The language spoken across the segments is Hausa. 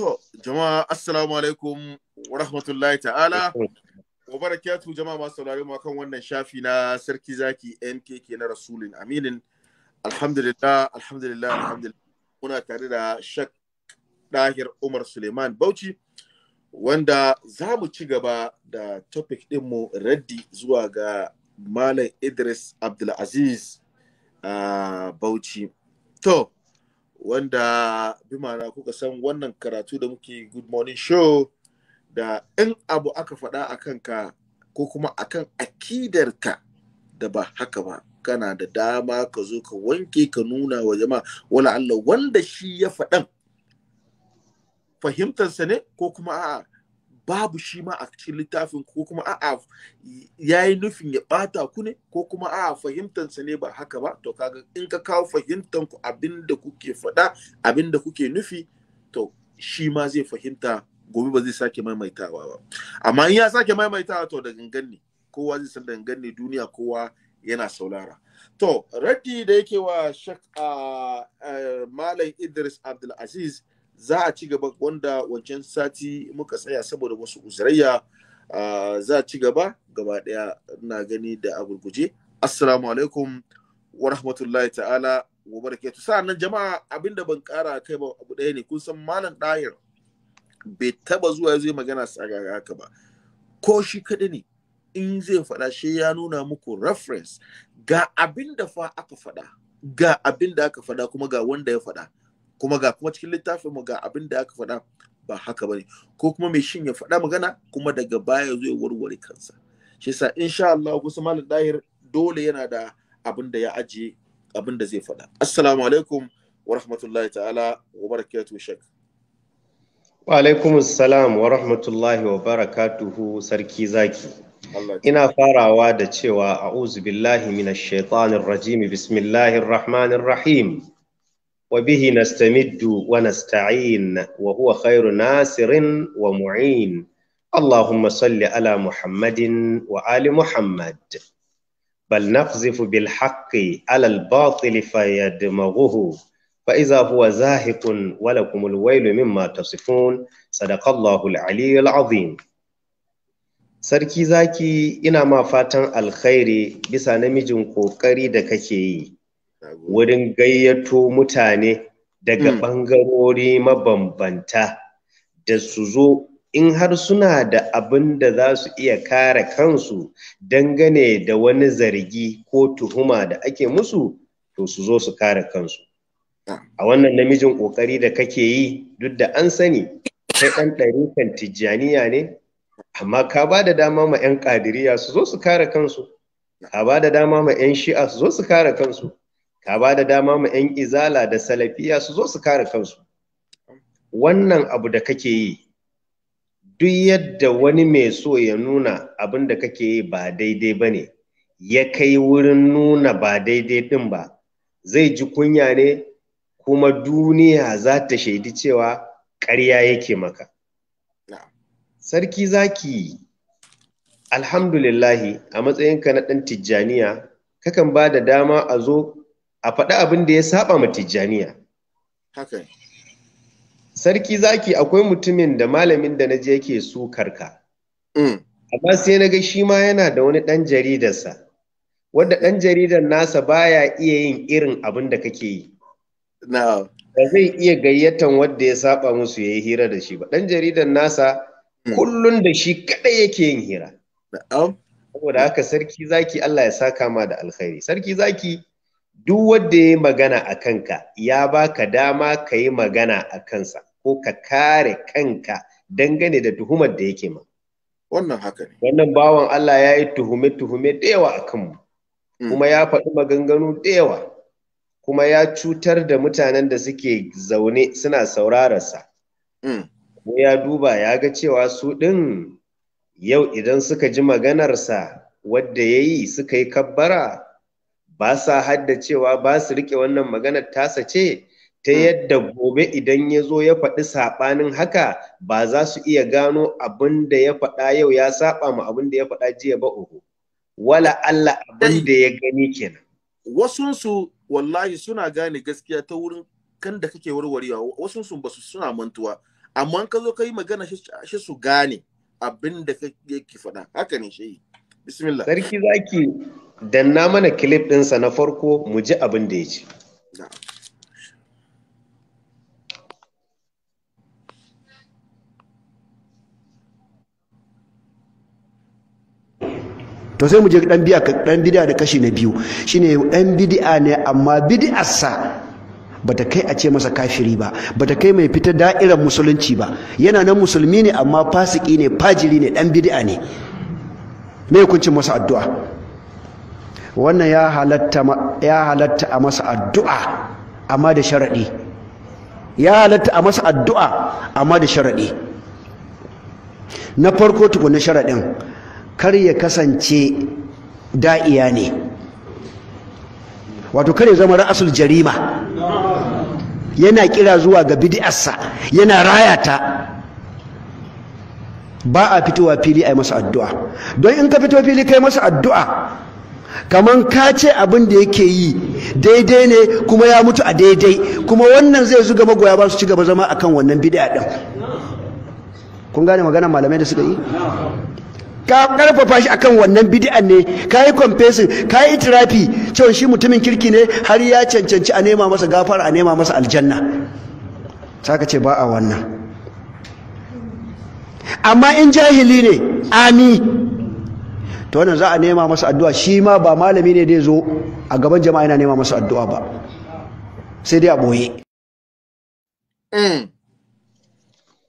To, jama'a assalamu alaikum wa rahmatullahi ta'ala. Wa barakatu jama'a masu saurare mu kan wannan shafi na Sarki Zaki NKK na Rasulin Aminin. Alhamdulillah, alhamdulillah, alhamdulillah. Muna tare da Shak Dahir Umar Suleiman Bauchi wanda za mu ci gaba da topic ɗinmu raddi zuwa ga Malam Idris Abdulaziz uh, Bauchi. To, wanda bi mana kuka san wannan karatu da muke good morning show da in abu aka faɗa a kanka ko kuma akan akidarka da ba haka ba kana da dama ka zo ka wanke ka nuna wa jama'a Wani Allah wanda shi ya faɗan fahimtarsa ne ko kuma a'a babu shi ma a cikin littafin ko kuma a'a ya yi nufin ya bata ku ne ko kuma a'a fahimtansa ne ba haka ba to kaga in ka kawo fahimtan ku abin kuke faɗa abinda kuke nufi to shi ma zai fahimta gobe ba zai sake maimaitawa ba amma in ya sake maimaitawa to da gangan ne kowa zai san da gangan ne duniya kowa yana saulara to raddi da yake wa shak ah, eh, malam idris abdulaziz za a ci gaba wanda wancan sati muka tsaya saboda wasu uzurayya za a ci gaba gaba daya na gani da a gurguje assalamu alaikum wa rahmatullahi ta'ala wa barakatuh nan jama'a abinda ban kara kai ba abu ɗaya ne kun san malam ɗahir bai taba zuwa zai magana tsagaga haka ba ko shi kaɗai ne in zai faɗa shi ya nuna muku reference ga abin fa aka faɗa ga abinda aka faɗa kuma ga wanda ya faɗa kuma ga kuma cikin littafin mu ga abin da aka faɗa ba haka bane ko kuma mai shin ya faɗa magana kuma daga baya zai warware kansa shi yasa insha Allah kusa malam dahir dole yana da abin da ya ajiye abin da zai faɗa assalamu alaikum wa rahmatullahi ta'ala wa barakatuhu shek wa alaikum assalam wa rahmatullahi wa barakatuhu sarki zaki ina farawa da cewa a'udhu billahi minash shaitanir rajim bismillahir rahmanir rahim وبه نستمد ونستعين وهو خير ناصر ومعين اللهم صل على محمد وآل محمد بل نقذف بالحق على الباطل فيدمغه فإذا هو زاهق ولكم الويل مما تصفون صدق الله العلي العظيم Sarki zaki ina ma fatan alkhairi bisa namijin ƙoƙari da kake yi. wurin gayyato mutane daga hmm. ɓangarori mabambanta da su zo in har suna da abin da za su iya kare kansu dangane da wani zargi ko tuhuma da ake musu to su zo su kare kansu ah. a wannan namijin ƙoƙari da kake yi duk da an sani kai ɗan kan tijjaniya ne amma ka ba da dama ma 'yan ƙadiriya su zo su kare kansu ah. ka ba da dama ma 'yan shi'a su zo su kare kansu ka ba da dama mu 'yan izala da salafiya su zo su kare kansu wannan abu da kake yi duk yadda wani mai so ya nuna abin da kake yi ba daidai ba ne ya kai wurin nuna ba daidai ɗin ba zai ji kunya ne kuma duniya za ta shaidi cewa ƙarya yake maka sarki zaki alhamdulillahi a matsayinka na ɗan tijjaniya kakan ba da dama a zo a faɗi abin da ya saba ma tijjaniya sarki zaki akwai mutumin da malamin da na naje yake su karka mm. amma sai na ga shi ma yana da wani ɗan jaridarsa wadda ɗan jaridar nasa baya iya yin irin abin da kake yi da zai iya gayyatan wadda ya saba musu ya yi hira da shi ba ɗan jaridar nasa mm. kullum da shi kaɗai yake yin hira saboda haka sarki zaki Allah ya saka ma da alkhairi sarki zaki duk wanda ya yi magana a kanka ya baka dama ka yi magana a kansa ko ka kare kanka dangane da tuhumar da yake ma. Wannan haka ne. Wannan bawan Allah ya yi tuhume-tuhume da yawa a kanmu, mm. kuma ya faɗi maganganu da yawa, kuma ya cutar da mutanen da suke zaune suna saurararsa. Mm. ko ya duba ya ga cewa su ɗin yau idan suka ji maganarsa wadda ya yi suka yi kabbara ba sa haddacewa ba su rike wannan maganar tasa ce ta hmm. yadda gobe idan ya zo ya faɗi saɓanin haka ba za su iya gano abin da ya faɗa yau ya saɓa ma abin da ya faɗa jiya ba uku wala Allah abin da ya gani kenan wasunsu wallahi suna gane gaskiya ta wurin kan da kake warwarewa wasunsu ba su suna mantuwa amma ka zo ka yi magana shi su gane abin da kake faɗa haka ne shi bismillah sarki zaki danna mana clip ɗinsa na farko mu ji abin da ya ce. to sai mu je dan biya dan da kashi na biyu shine ɗan bidi'a ne amma ba bata kai a ce masa kafiri ba bata kai mai fita da'irar musulunci ba yana nan musulmi ne amma fasiki ne fajiri ne dan bid'a ne me masa addu'a wannan ya halatta a masa addu'a amma da sharaɗi ya halatta a masa addu'a amma da sharaɗi na farko na sharaɗin kar ya kasance da'iya ne wato kar ya zama ra'asul jarima yana kira zuwa ga bidiyarsa yana raya ta. ba a fitowa fili a yi masa addu'a don in ka fito fili kai masa addu'a kamar ka ce abin da yake yi daidai ne kuma ya mutu a daidai kuma wannan zai zuga magoya ba su ci gaba zama akan wannan bid'a din kun gane magana malamai da suka yi ka karfafa shi akan wannan bid'an ne ka yi kayi ka yi itirafi cewa shi mutumin kirki ne har ya cancanci a nema masa gafar, a nema masa aljanna saka ce ba a wannan amma in jahili ne ami to wannan za a nema masa addu'a shi ma ba malami ne da zo a gaban jama'a yana nema masa addu'a ba sai dai a boye mm.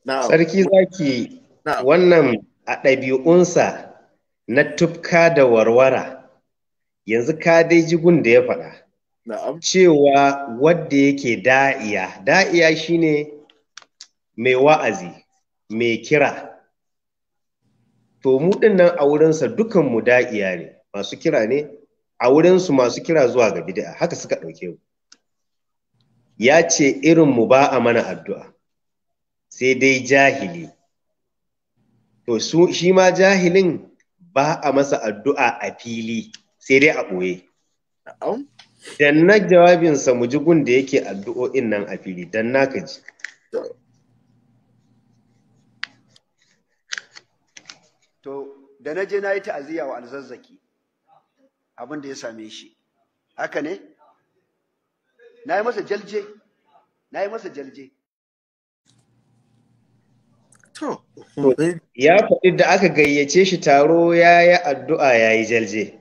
sarki zaki wannan a ɗabi'unsa na tufka da warwara yanzu ka dai jigun da ya faɗa cewa wadda yake da'iya da'iya shine mai wa'azi mai kira to mu din nan a wurinsa dukan mu da'iya ne masu kira ne a wurinsu masu kira zuwa ga bid'a haka suka ɗauke mu ya ce irin mu ba a mana addu'a sai dai jahili to shi ma jahilin ba a masa addu'a a fili sai dai a ɓoye dan na jawabinsa mu ji gun da yake addu'o'in nan a fili dan ka ji da na je na yi ta'aziyya wa alzazzaki abin da ya same shi haka ne na yi masa jalje na yi masa jalje ya faɗi da aka gayyace shi taro ya yi addu'a ya yi jalje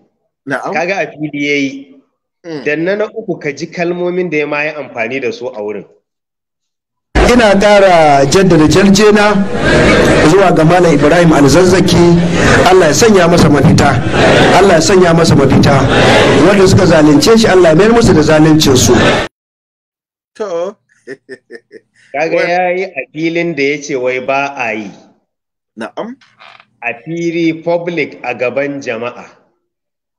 kaga a fili ya yi mm. dan na uku ka ji kalmomin da ya ma yi amfani da su a wurin ina ƙara jaddada jarjena zuwa ga malam ibrahim alzazzaki allah ya sanya masa mafita allah ya sanya masa mafita wanda suka zalunce shi allah ya mayar musu da zaluncin su kaga ya yi a filin da ya ce wai ba a yi na'am a fili public a gaban jama'a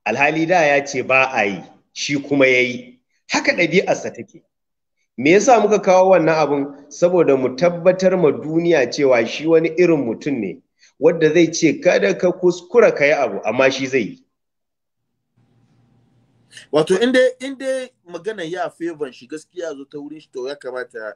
alhali da ya ce ba a yi shi kuma ya yi haka ɗabi'arsa take me yasa muka kawo wannan abin saboda mu tabbatar ma duniya cewa shi wani irin mutum ne wadda zai ce kada ka kuskura ka yi abu amma shi zai yi wato inda magana ya favor shi gaskiya zo ta wurin shi to ya kamata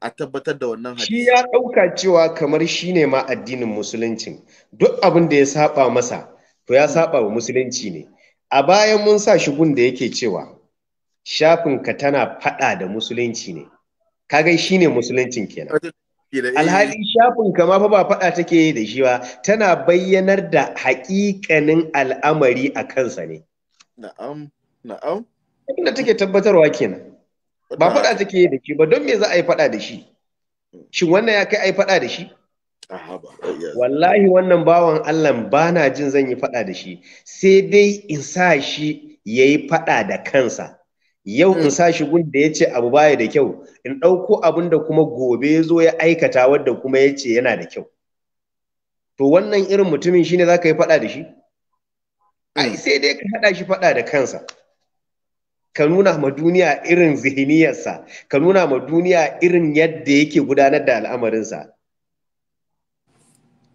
a tabbatar da wannan hadisi. Shi ya ɗauka cewa kamar shi ne ma addinin musulunci duk abin da ya saba masa to ya saba wa musulunci ne. A bayan mun sa shi gun da yake cewa shafinka tana faɗa da musulunci ne kaga shi ne musuluncin kenan eh. alhali shafinka ma fa ba faɗa take da shi ba tana bayyanar da haƙiƙanin al'amari a kansa ne na'am na'am inda take tabbatarwa kenan ba faɗa take da shi ba don me za a yi faɗa da shi shin wannan ya kai a yi faɗa da shi wallahi wannan bawan Allah ba na jin zan yi faɗa da shi sai dai in sa shi ya yi faɗa da kansa yau in mm. sa shi gun da ya ce abu baya da kyau in ɗauko abin da kuma gobe ya zo ya aikata wadda kuma ya ce yana da kyau to wannan irin mutumin shine za ka yi faɗa da shi ai mm. sai dai ka haɗa shi faɗa da kansa ka nuna ma duniya irin zihiniyarsa ka nuna ma duniya irin yadda yake gudanar da al'amarinsa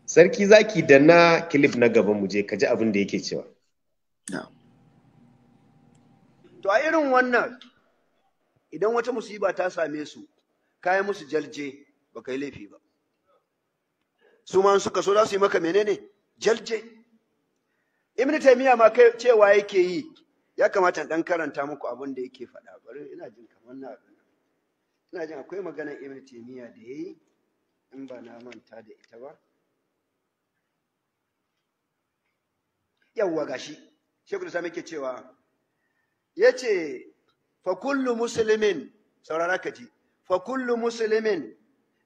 sarki zaki da na kilif na gaban mu je ka ji abin da yake cewa To a irin wannan idan wata musiba ta same su kayan musu jalje ba yi laifi ba. Su ma suka so za su yi maka menene jalje. Ibn Taymiyyah ma kai cewa yake yi ya kamata dan karanta muku abin da yake faɗa bari ina jin kamar na ina jin akwai maganar Ibn Taymiyyah da yayi in ba na manta da ita ba. Yawwa gashi Shekul Sami yake cewa yace fa kullu musulmin saurara ka ji fa kullu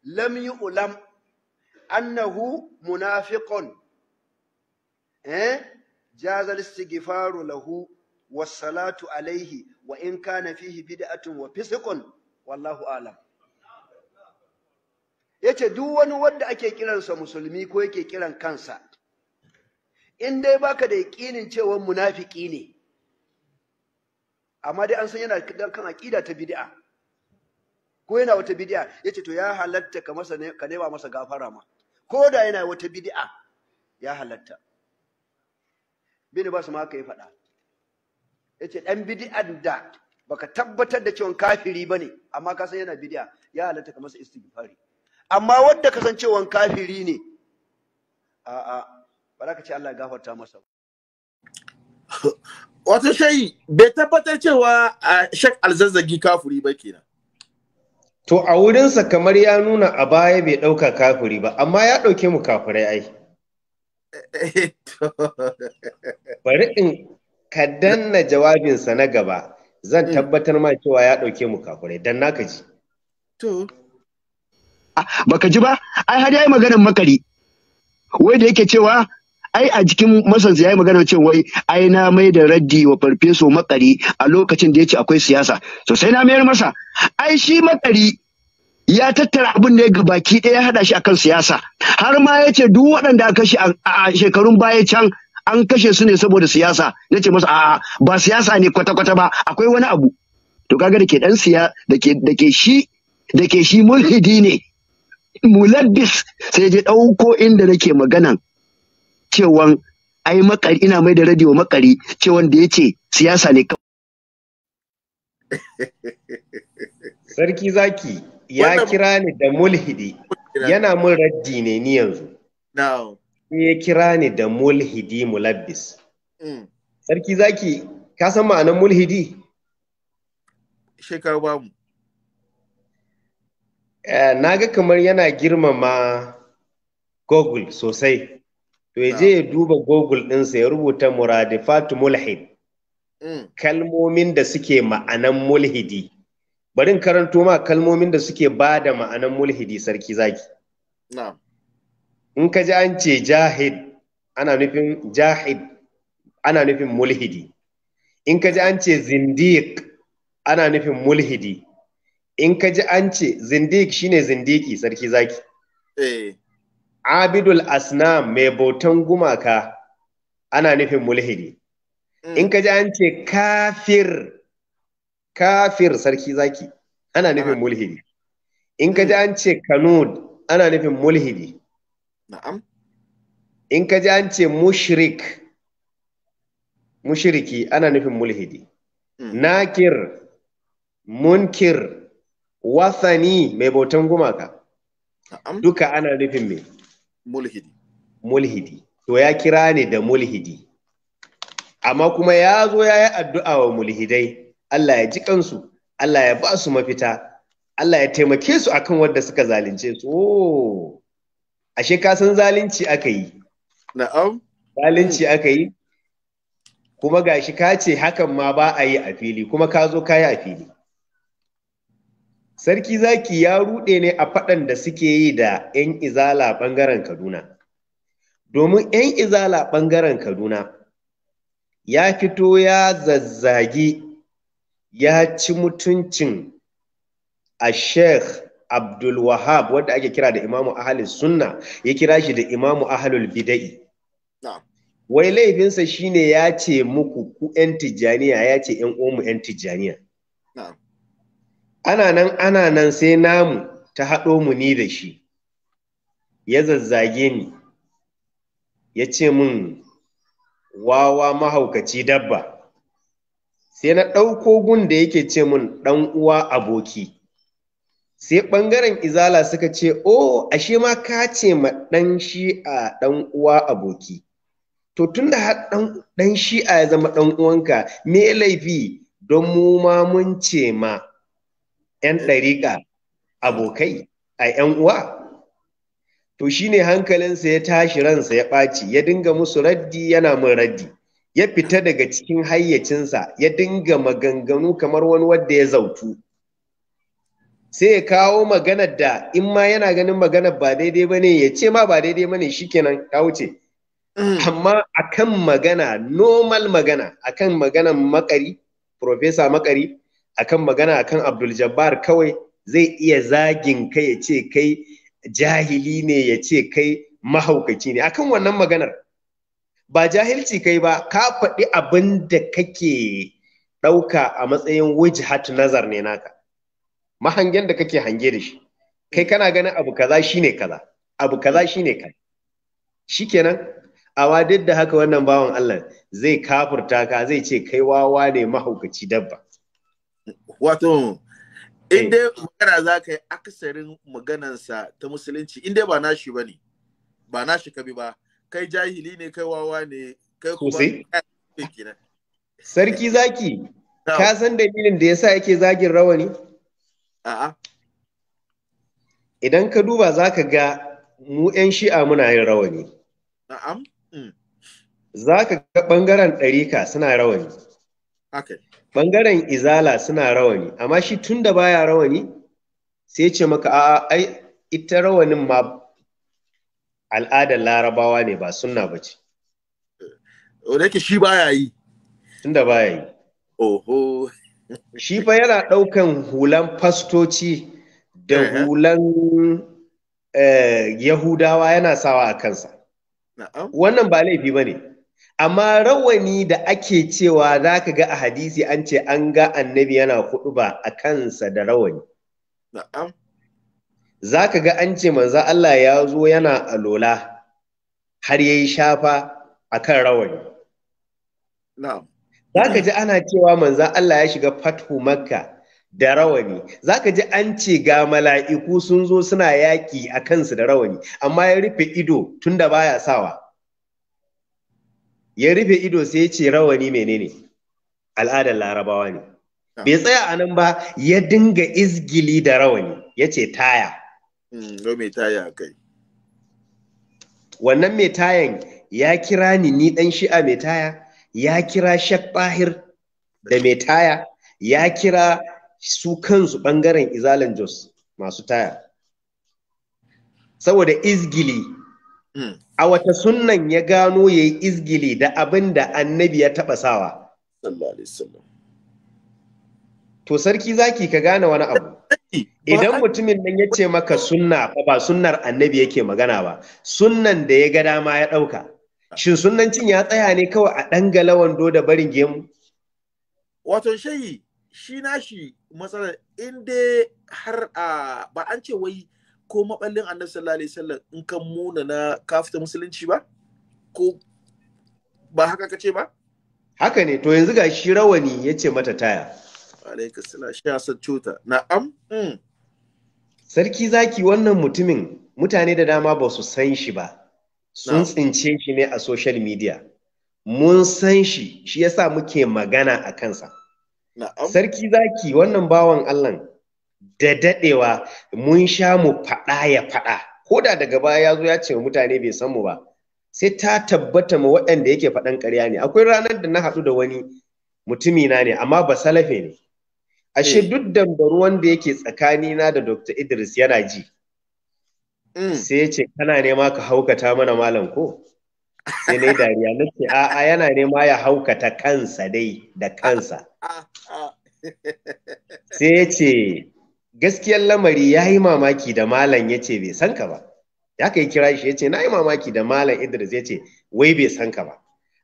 lam yu'lam annahu munafiqun eh jaza al-istighfaru lahu wa salatu alayhi wa in kana fihi bid'atun wa fisqun wallahu a'lam yace duk wani wanda ake kiransa musulmi ko yake kiran kansa in dai baka da yaƙinin cewa munafiki ne amma dai an san yana kan aqida ta bid'a ko yana wata bid'a yace to ya halatta ka masa ne ka nema masa gafara ma ko da yana wata bid'a ya halatta bin ba su ma kai fada faɗa yace dan bid'an da baka tabbatar da cewa kafiri bane amma ka san yana bid'a ya halatta ka masa istighfari amma wanda ka san cewa kafiri ne a'a ba za ka ce Allah ya gafarta masa wato shayi bai tabbatar cewa a shek alzazzagi kafuri ba kenan to a wurinsa kamar ya nuna a baya bai ɗauka kafuri ba amma ya ɗauke mu kafurai ai bari in ka danna jawabinsa na gaba zan mm. tabbatar ma cewa ya ɗauke mu kafurai dan naka ji to baka ji ba ai har yayi maganar makari wai da yake cewa ai a jikin masansa ya yi magana cewa wai ai na mai da raddi wa farfeso makari a lokacin da ya ce akwai siyasa Sosai sai na mayar masa ai shi makari ya tattara abin da ya ga baki ɗaya ya haɗa shi akan siyasa har ma ya ce duk waɗanda aka kashe a shekarun baya can an kashe su ne saboda siyasa na ce masa a'a ba siyasa ne kwata-kwata ba akwai wani abu to kaga da ke dan siya da ke shi da ke shi mulhidi ne mulabbis sai je ɗauko inda nake maganan cewan ai makari ina mai da radio makari cewan da ya ce siyasa ne Sarki zaki ya kira ni da mulhidi yana mun raddi ne ni yanzu. Ya kira ni da mulhidi mulabbis. Mm. Sarki zaki ka san ma'anar mulhidi? Shekaru babu. Eh, na ga kamar yana girmama Google sosai. to ya je ya duba google ɗinsa ya rubuta muradifatu mulhid mm. kalmomin da suke ma'anan mulhidi barin karanto ma kalmomin da suke ba da ma'anan mulhidi sarki zaki in ka ji an ce jahid ana nufin jahid ana nufin mulhidi in ka ji an ce zindiq ana nufin mulhidi in ka ji an ce zindiq shine zindiki sarki zaki eh abidul asnam mai bautan gumaka ana nufin mulhidi mm. in ka ji an ce kafir kafir sarki zaki ana nufin mulhidi in ka ji an ce kanud ana nufin mulhidi na'am in ka ji an ce mushrik mushriki ana nufin mulhidi mm. nakir munkir wasani mai bautan gumaka duka ana nufin mai mulhidi mulhidi to ya kira ne da mulhidi amma kuma ya zo ya yi addu'a wa mulhidai Allah ya ji kansu Allah ya ba su mafita Allah ya taimake su akan wanda suka zalunce su oh. ashe ka san zalunci aka yi na'am zalunci aka yi kuma gashi ka ce hakan ma ba a yi a fili kuma ka zo ka yi a fili sarki zaki ya ruɗe ne a faɗan da suke yi da 'yan izala ɓangaren kaduna domin 'yan izala ɓangaren kaduna ya fito ya zazzagi ya ci mutuncin a sheikh abdul wahab wadda ake kira da imamu ahalin sunna ya kira shi da imamu ahalul bida'i wai laifinsa shine ya ce muku ku 'yan tijjaniya ya ce 'yan omu 'yan tijjaniya ana nan ana nan sai namu ta haɗo mu ni da shi ya zazzage ni ya ce min wawa mahaukaci dabba sai na ɗauko gun da yake ce min ɗan uwa aboki sai ɓangaren izala suka ce o oh, ashe ma ka ce ma ɗan shi'a ɗan uwa aboki to tun da ɗan shi'a ya zama ɗan uwanka me laifi don mu ma mun ce ma 'yan ɗariƙa abokai a 'yan uwa to shine hankalinsa ya tashi ransa ya ɓaci ya dinga musu raddi yana mun raddi ya fita daga cikin hayyacinsa ya dinga maganganu kamar wani wadda ya zautu sai ya kawo maganar da in ma yana ganin maganar ba daidai ba ne ya ce ma ba daidai ba ne kenan ka wuce mm. amma akan magana normal magana akan maganar makari profesa makari akan magana akan Abdul Jabbar kawai zai iya zagin ka ya ce kai jahili ne ya ce kai mahaukaci ne akan wannan maganar ba jahilci kai ba ka faɗi abin da kake ɗauka a matsayin wajhat nazar ne naka mahangen da kake hange da shi kai kana ganin abu kaza shine kaza abu kaza shine kaza shikenan awa duk da haka wannan bawan Allah zai kafurta ka zai ce kai wawa ne mahaukaci dabba wato eh. in dai magana za ka yi akasarin maganansa ta musulunci in dai ba nashi ba ne ba nashi kabi ba kai jahili ne kai wawa ne kai kuma sarki zaki ka san dalilin da yasa yake zagin rawani a'a idan ka duba za ka ga mu 'yan shi'a muna yin rawani mm. za ka ga ɓangaren ɗarika suna rawani Bangaren izala suna rawani, amma shi tun da baya rawani sai ce maka a ai ita rawanin ma al'adar larabawa ne ba sunna ba ce. yake shi baya yi. Tun da baya yi. Oho. Shi fa yana ɗaukan hulan fastoci da hulan eh, Yahudawa yana sawa a kansa. Wannan ba laifi ba ne. amma rawani da ake cewa za ka ga a hadisi an ce an ga annabi yana kudu ba a kansa da rawani na'am za ka ga an ce manzo Allah ya zo yana alola har ya yi shafa a kan rawani na'am za ka ji ana cewa manzo Allah ya shiga fathu makka da rawani za ka ji an ce ga mala'iku sun zo suna yaƙi a kansu da rawani amma ya rufe ido tun da baya sawa ya rufe ido sai ya ce rawani menene al'adar larabawa ne bai ah. tsaya a nan ba ya dinga izgili da rawani ya ce taya mai hmm, wannan mai tayan ya kira ni ni dan shi'a mai taya ya kira shakbahir da mai taya ya kira su kansu bangaren izalan jos masu taya saboda izgili hmm. a wata sunnan ya gano ya yi izgili da abin da annabi ya taɓa sawa to sarki zaki ka gane wani abu idan mutumin nan ya ce maka sunna ba sunnar annabi yake magana ba sunnan da ya ga dama ya ɗauka shin sunnancin ya tsaya ne kawai a ɗan ɗangala wando da barin gemu wato shayi shi na matsalar inda har ba an ce wai ko maballin annabi sallallahu alaihi wasallam in kan muna na kafita musulunci ba ko ba haka kace ba haka ne to yanzu ga shi rawani ya ce mata taya alaikum sala shi san cuta na'am mm. sarki zaki wannan mutumin mutane da dama ba su san shi ba sun tsince shi ne a social media mun san shi shi yasa muke magana a kansa sarki zaki wannan bawan allah da daɗewa mun sha mu faɗa ya faɗa ko da daga baya ya zo ya ce mutane bai san mu ba sai ta tabbata mu waɗanda yake faɗan ƙarya ne akwai ranar da na haɗu da wani mutumi na ne amma ba salafe ne ashe eh. duk ruwan da yake tsakani na da Dr. Idris yana ji mm. sai ya ce kana nema ka haukata mana malam ko sai na dariya na ce a'a yana nema ya haukata kansa dai da kansa ah, ah, ah. sai ya ce gaskiyar lamari ya yi mamaki da malam ya ce bai san ka ba ya kai kira shi ya ce na yi mamaki da malam idris ya ce wai bai san ka ba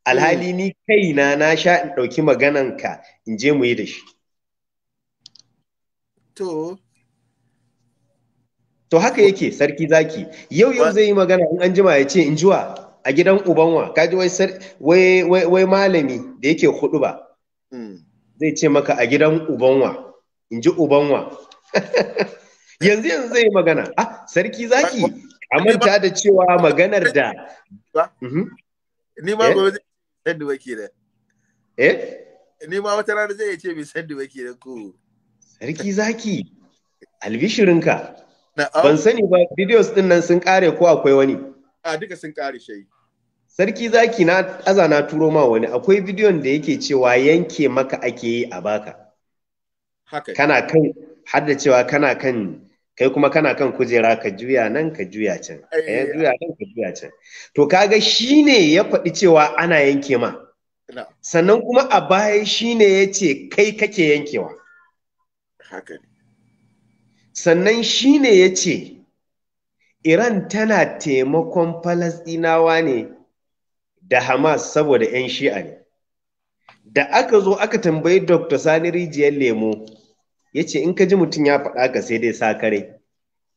alhali ni kaina na sha in ɗauki maganan ka in je mu yi da shi to to haka yake sarki zaki yau yau zai yi magana in an jima ya ce in jiwa a gidan ubanwa kaji ji wai malami da yake hudu ba mm. zai ce maka a gidan ubanwa in ji ubanwa yanzu yanzu zai magana ah sarki zaki a manta da cewa maganar da mhm. ni ma eh? gobe zai da baki da eh ni ma wata rana zai ce mai da baki da ko sarki zaki albishirinka ban sani ba videos din nan sun kare ko akwai wani a duka sun kare shayi sarki zaki na aza na turo ma wani akwai bidiyon da yake cewa yanke maka ake yi a baka kana kai. har da cewa kana kan kai kuma kana kan kujera ka juya nan ka juya can ka eh, eh, eh, juya nan ka juya can to kaga shine ya faɗi cewa ana yanke ma sannan kuma a baya shine ya ce kai kake yankewa haka ne sannan shine ya ce iran tana taimakon falasɗinawa ne da hamas saboda 'yan shi'a ne da aka zo aka tambayi dr sani rijiyar lemo ya ce in ka ji mutum ya faɗa ka sai dai sa kare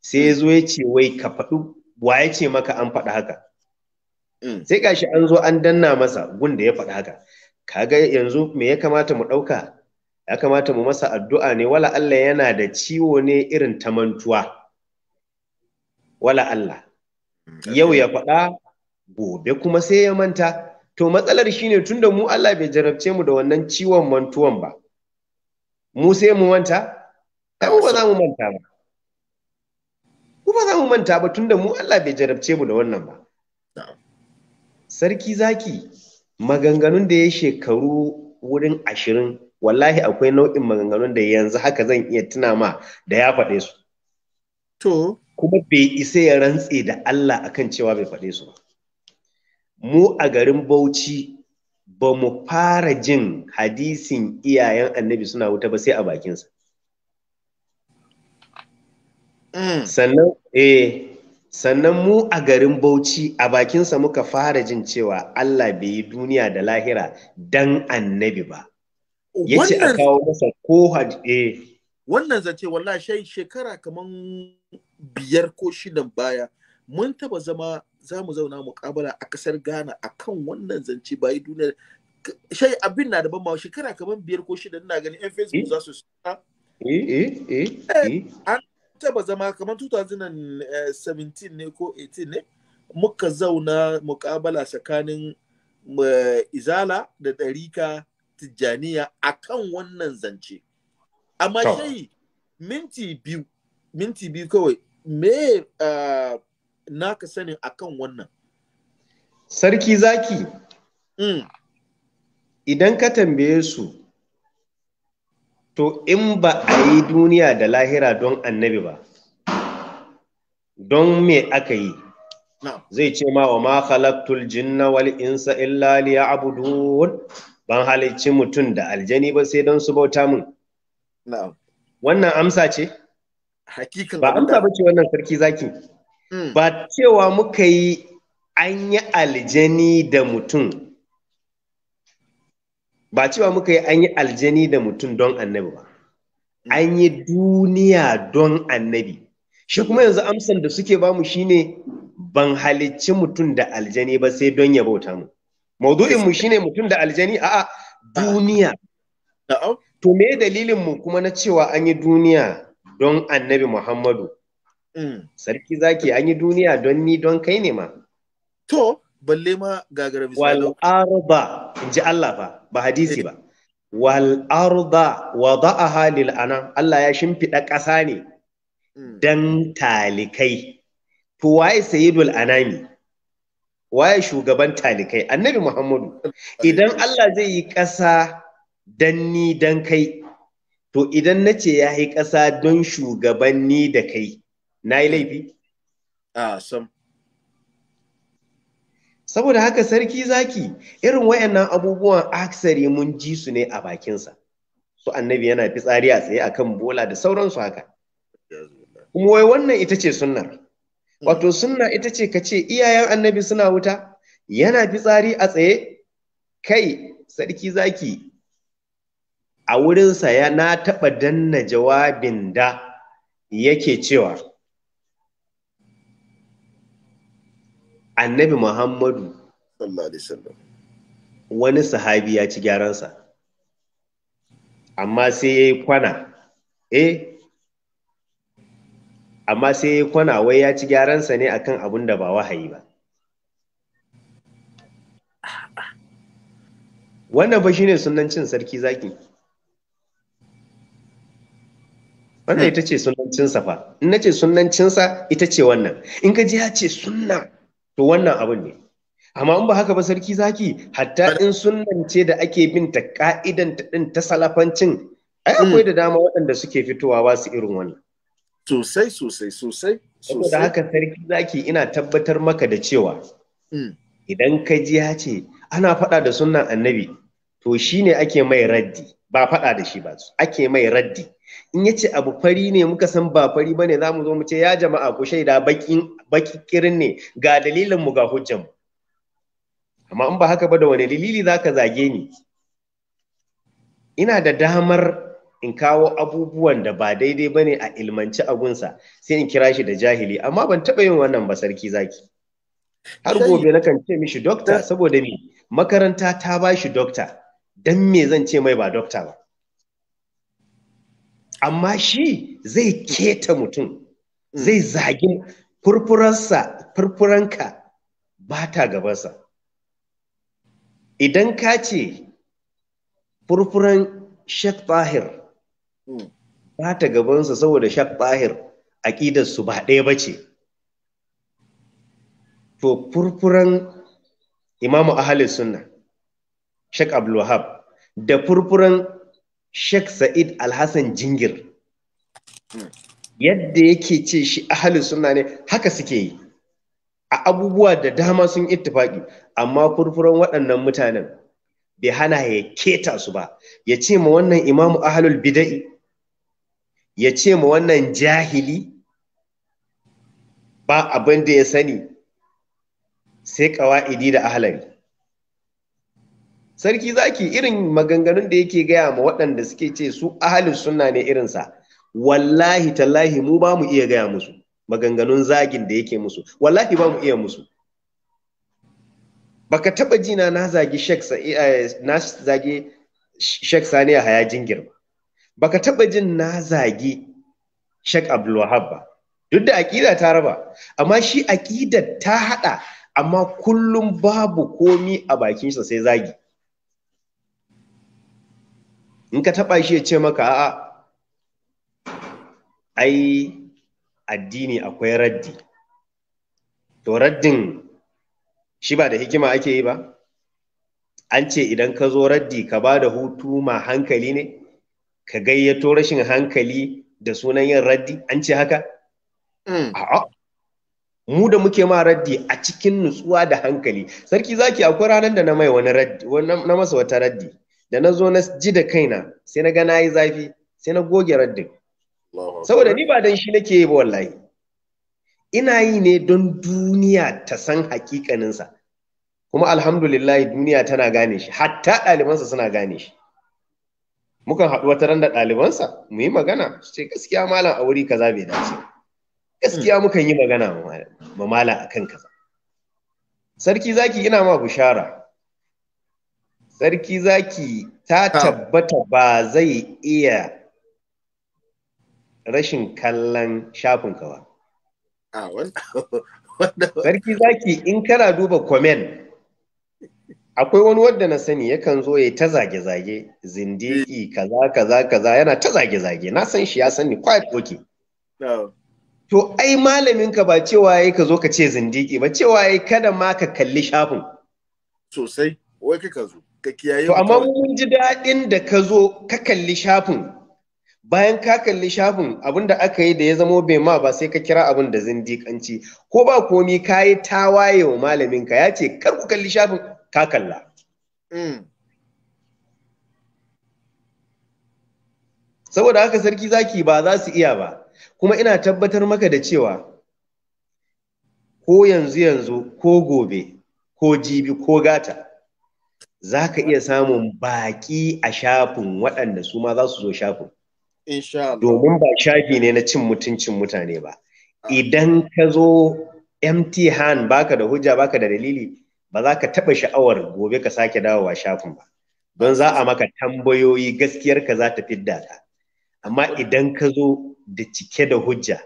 sai ya zo ya ce wai ka faɗu wa ya ce maka an faɗa haka mm. sai gashi an zo an danna masa gunda ya faɗa haka kaga yanzu me ya kamata mu ɗauka ya kamata mu masa addu'a ne wala Allah yana da ciwo ne irin ta mantuwa wala Allah mm, yau ya faɗa gobe kuma sai ya manta to matsalar shine tunda mu Allah bai jarabce mu da wannan ciwon mantuwan ba mu sai mu manta mu ba za mu manta ba ku ba za mu manta ba tunda mu Allah bai jarabce mu da wannan ba sarki zaki maganganun da ya shekaru wurin ashirin wallahi akwai nau'in maganganun da yanzu haka zan iya tuna ma da ya faɗe su to kuma bai isa ya rantse da Allah akan cewa bai faɗe su ba mu a garin Bauchi ba mu fara jin hadisin iyayen annabi suna wuta ba sai a bakinsa mm. sannan eh sannan mu a garin bauchi a bakinsa muka fara jin cewa Allah bai yi duniya da lahira dan annabi ba ya ce a kawo masa ko eh wannan zance wallahi shekara kamar biyar ko shidan baya mun taba zama za mu zauna muƙabala a ƙasar Ghana akan wannan zance bayi duniyar shai abin na daban ma shekara kamar biyar ko shida ina ganin yan Facebook za su eh, suna. Eh, eh, an taba zama kamar 2017 ne ko 18 ne muka zauna muƙabala tsakanin izala da ɗarika tijjaniya akan wannan zance amma shai minti biyu minti biyu kawai me ah, naka sanin akan wannan sarki zaki mm. idan ka tambaye su to in ba a yi duniya da lahira don annabi ba don me aka yi zai ce ma wa ma jinna wal insa illa liya'budun ban halicci mutum da aljani ba sai don su bauta mun wannan amsa ce ba amsa ba ce wannan sarki zaki Hmm. ba cewa muka yi an yi aljani da mutum ba cewa muka yi an yi aljani da mutum don annabi ba an yi duniya don annabi shi kuma yanzu amsan da suke bamu shine ban halicci mutum da aljani ba sai don ya bauta mu maudu'in mu shine mutum da aljani a'a duniya to me dalilin mu kuma na cewa an yi duniya don annabi muhammadu Mm. Sarki zaki an yi duniya don ni don kai ne ma. To, balle ma gagara bisa Wal arba, in ji Allah fa, ba hadisi ba. Wal arba wa za a halil anam, Allah ya shimfiɗa ƙasa ne mm. dan talikai. To waye sayyidul anami? Waye shugaban talikai? Annabi Muhammadu. Idan Allah zai yi ƙasa dan ni dan kai, to idan na ce ya yi ƙasa don shugabanni da kai, na yi laifi a sam saboda haka sarki zaki irin wayannan abubuwan aksari mun ji su ne a bakinsa su annabi yana fitsari a tsaye akan bola da sauransu haka kuma wai wannan ita ce sunnar wato sunna ita ce ka ce iyayen annabi suna wuta yana fitsari a tsaye kai sarki zaki a wurinsa ya na taɓa danna jawabin da yake cewa annabi muhammadu wani sahabi ya ci gyaransa amma sai ya yi kwana eh amma sai ya yi kwana wai ya ci gyaransa ne akan abin da ba wahayi ba wannan ba shine sunan cin sarki zaki wannan hmm. ita ce sunan cinsa fa in na ce sunan cinsa ita ce wannan in ka ji ya ce sunan to wannan abin ne amma in ba haka ba sarki zaki hatta in sunnan ce da ake bin ta ka'idan ta din ta salafancin ai akwai da dama waɗanda suke fitowa ba su irin wannan sosai sosai sosai saboda haka sarki zaki ina tabbatar maka da cewa mm. idan ka ji ya ce ana faɗa da sunan annabi to shine ake mai raddi ba faɗa da shi ba ake mai raddi in ya ce abu fari ne muka san ba fari ba ne za mu zo mu ce ya jama'a ku shaida baki kirin ne ga dalilin mu ga hujjan amma in ba haka ba da wani dalili za ka zage ni ina da damar in kawo abubuwan da ba daidai ba ne a ilmanci agunsa sai in kira shi da jahili amma ban taɓa yin wannan ba sarki zaki har gobe na kan ce mishi dokta saboda me makaranta ta ba shi dokta don me zan ce mai ba dokta ba amma shi zai keta mutum zai zagi furfuransa furfuranka ba ta gabansa idan ka ce furfuran shek tahir ba ta gabansa saboda shek tahir su ba ɗaya ba ce to furfuran imamu ahalin sunna shek abdulwahab da furfuran Sheikh Sa'id Alhassan Jingir yadda yake ce shi ahalin suna ne haka suke yi a abubuwa da dama sun ittifaƙi amma furfuran waɗannan mutanen bai hana ya keta su ba ya ce ma wannan imamu ahalul bida'i ya ce ma wannan jahili ba abin da ya sani sai kawa'idi da ahalari. sarki zaki irin maganganun da yake gaya ma waɗanda suke ce su ahalin sunna ne irinsa wallahi tallahi mu ba mu iya gaya musu maganganun zagin da yake musu wallahi ba mu iya musu baka taba jina na zagi eh, na zagi shek saniya haya baka taba jin na zagi shek abdulwahab ba duk da aƙida ta raba amma shi aƙidar ta haɗa amma kullum babu komi a bakinsa sai zagi in ka taɓa shi ya ce maka a ai addini akwai raddi to raddin shi ba da hikima ake yi ba an ce idan ka zo raddi ka ba da hutu ma hankali ne ka gayyato rashin hankali da sunan yin raddi an ce haka mm. mu da muke ma raddi a cikin nutsuwa da hankali sarki zaki akwai ranar da na mai wani raddi na masa wata raddi da na zo na ji da kaina sai na ga na yi zafi sai na goge raddin saboda ni ba dan shi nake yi ba wallahi ina yi ne don duniya ta san hakikaninsa kuma lillahi duniya tana gane shi hatta ɗalibansa suna gane shi mukan haɗu wata ran da ɗalibansa mu yi magana su ce gaskiya malam a wuri kaza bai dace gaskiya mukan yi magana ma malam akan kaza sarki zaki ina ma bushara Sarki zaki ta tabbata ba zai iya rashin kallon shafin ba. Sarki zaki in kana duba komen akwai wani wadda na sani yakan zo ya ta zage-zage zindiki eh. kaza kaza kaza yana ta zage-zage na san shi ya sani quiet okay. To ai malaminka ba cewa ya ka zo ka ce zindiki ba cewa ya kada ma ka kalli shafin. Sosai, wai ka zo. ka kiyaye amma mun ji daɗin da ka zo ka kalli shafin bayan ka kalli shafin abin da aka yi da ya zamo bai ma ba sai ka kira abin da zindiƙanci ko ba komi ka yi tawaye wa malaminka ya ce kar ku kalli shafin ka kalla mm. saboda haka sarki zaki ba za su iya ba kuma ina tabbatar maka da cewa ko yanzu yanzu ko gobe ko jibi ko gata za ka iya samun baƙi a shafin waɗanda su ma za su zo shafin. Domin ba shafi ne na cin mutuncin mutane ba. Idan ka zo empty hand baka da hujja baka da dalili ba za ka taɓa sha'awar gobe ka sake dawowa shafin ba. Don za a maka tambayoyi gaskiyar ka za ta fidda ka. Amma idan ka zo da cike da hujja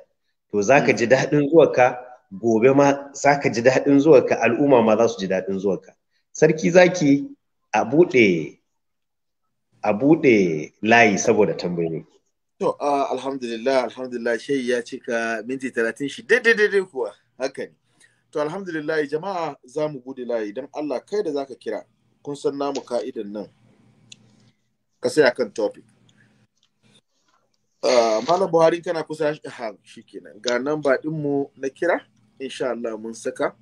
to za ka ji daɗin ka gobe ma za ka ji daɗin ka al'umma ma za su ji daɗin zuwaka Sarki zaki a buɗe a buɗe layi saboda tambayoyi. To, alhamdulillah, alhamdulillah, shayi ya cika minti talatin shi daidai kuwa, haka ne. To, alhamdulillah, jama'a za mu buɗe layi don Allah kai da zaka kira, kun san namu ka'idan nan, ka sai akan topic. Malam Buhari kana kusa shi kenan, ga nan baɗinmu na kira, insha Allah mun saka.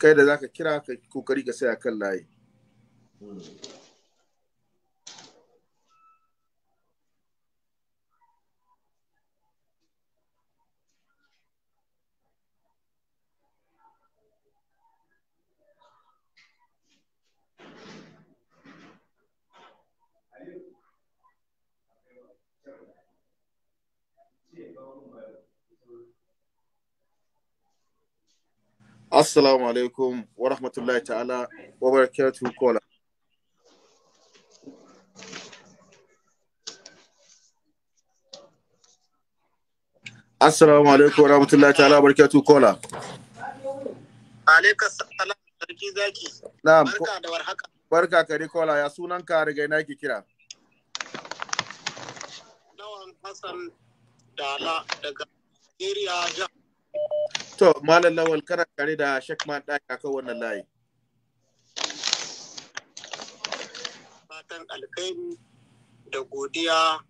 kai da za ka kira ka kokari ka saya kan layi Assalamu alaikum wa rahmatullahi ta'ala wa barakatuh kola. Assalamu alaikum wa rahmatullahi ta'ala wa barakatuh kola. Alaikum salam sarki zaki. Na'am. Barka da warhaka. Barka kare kola ya sunan ka riga na ki kira. Nawa Hassan Dala daga Nigeria. To, Malam Lawal kana tare da Sheikh Man ɗaya a wannan layi. Fatan alkhairi da godiya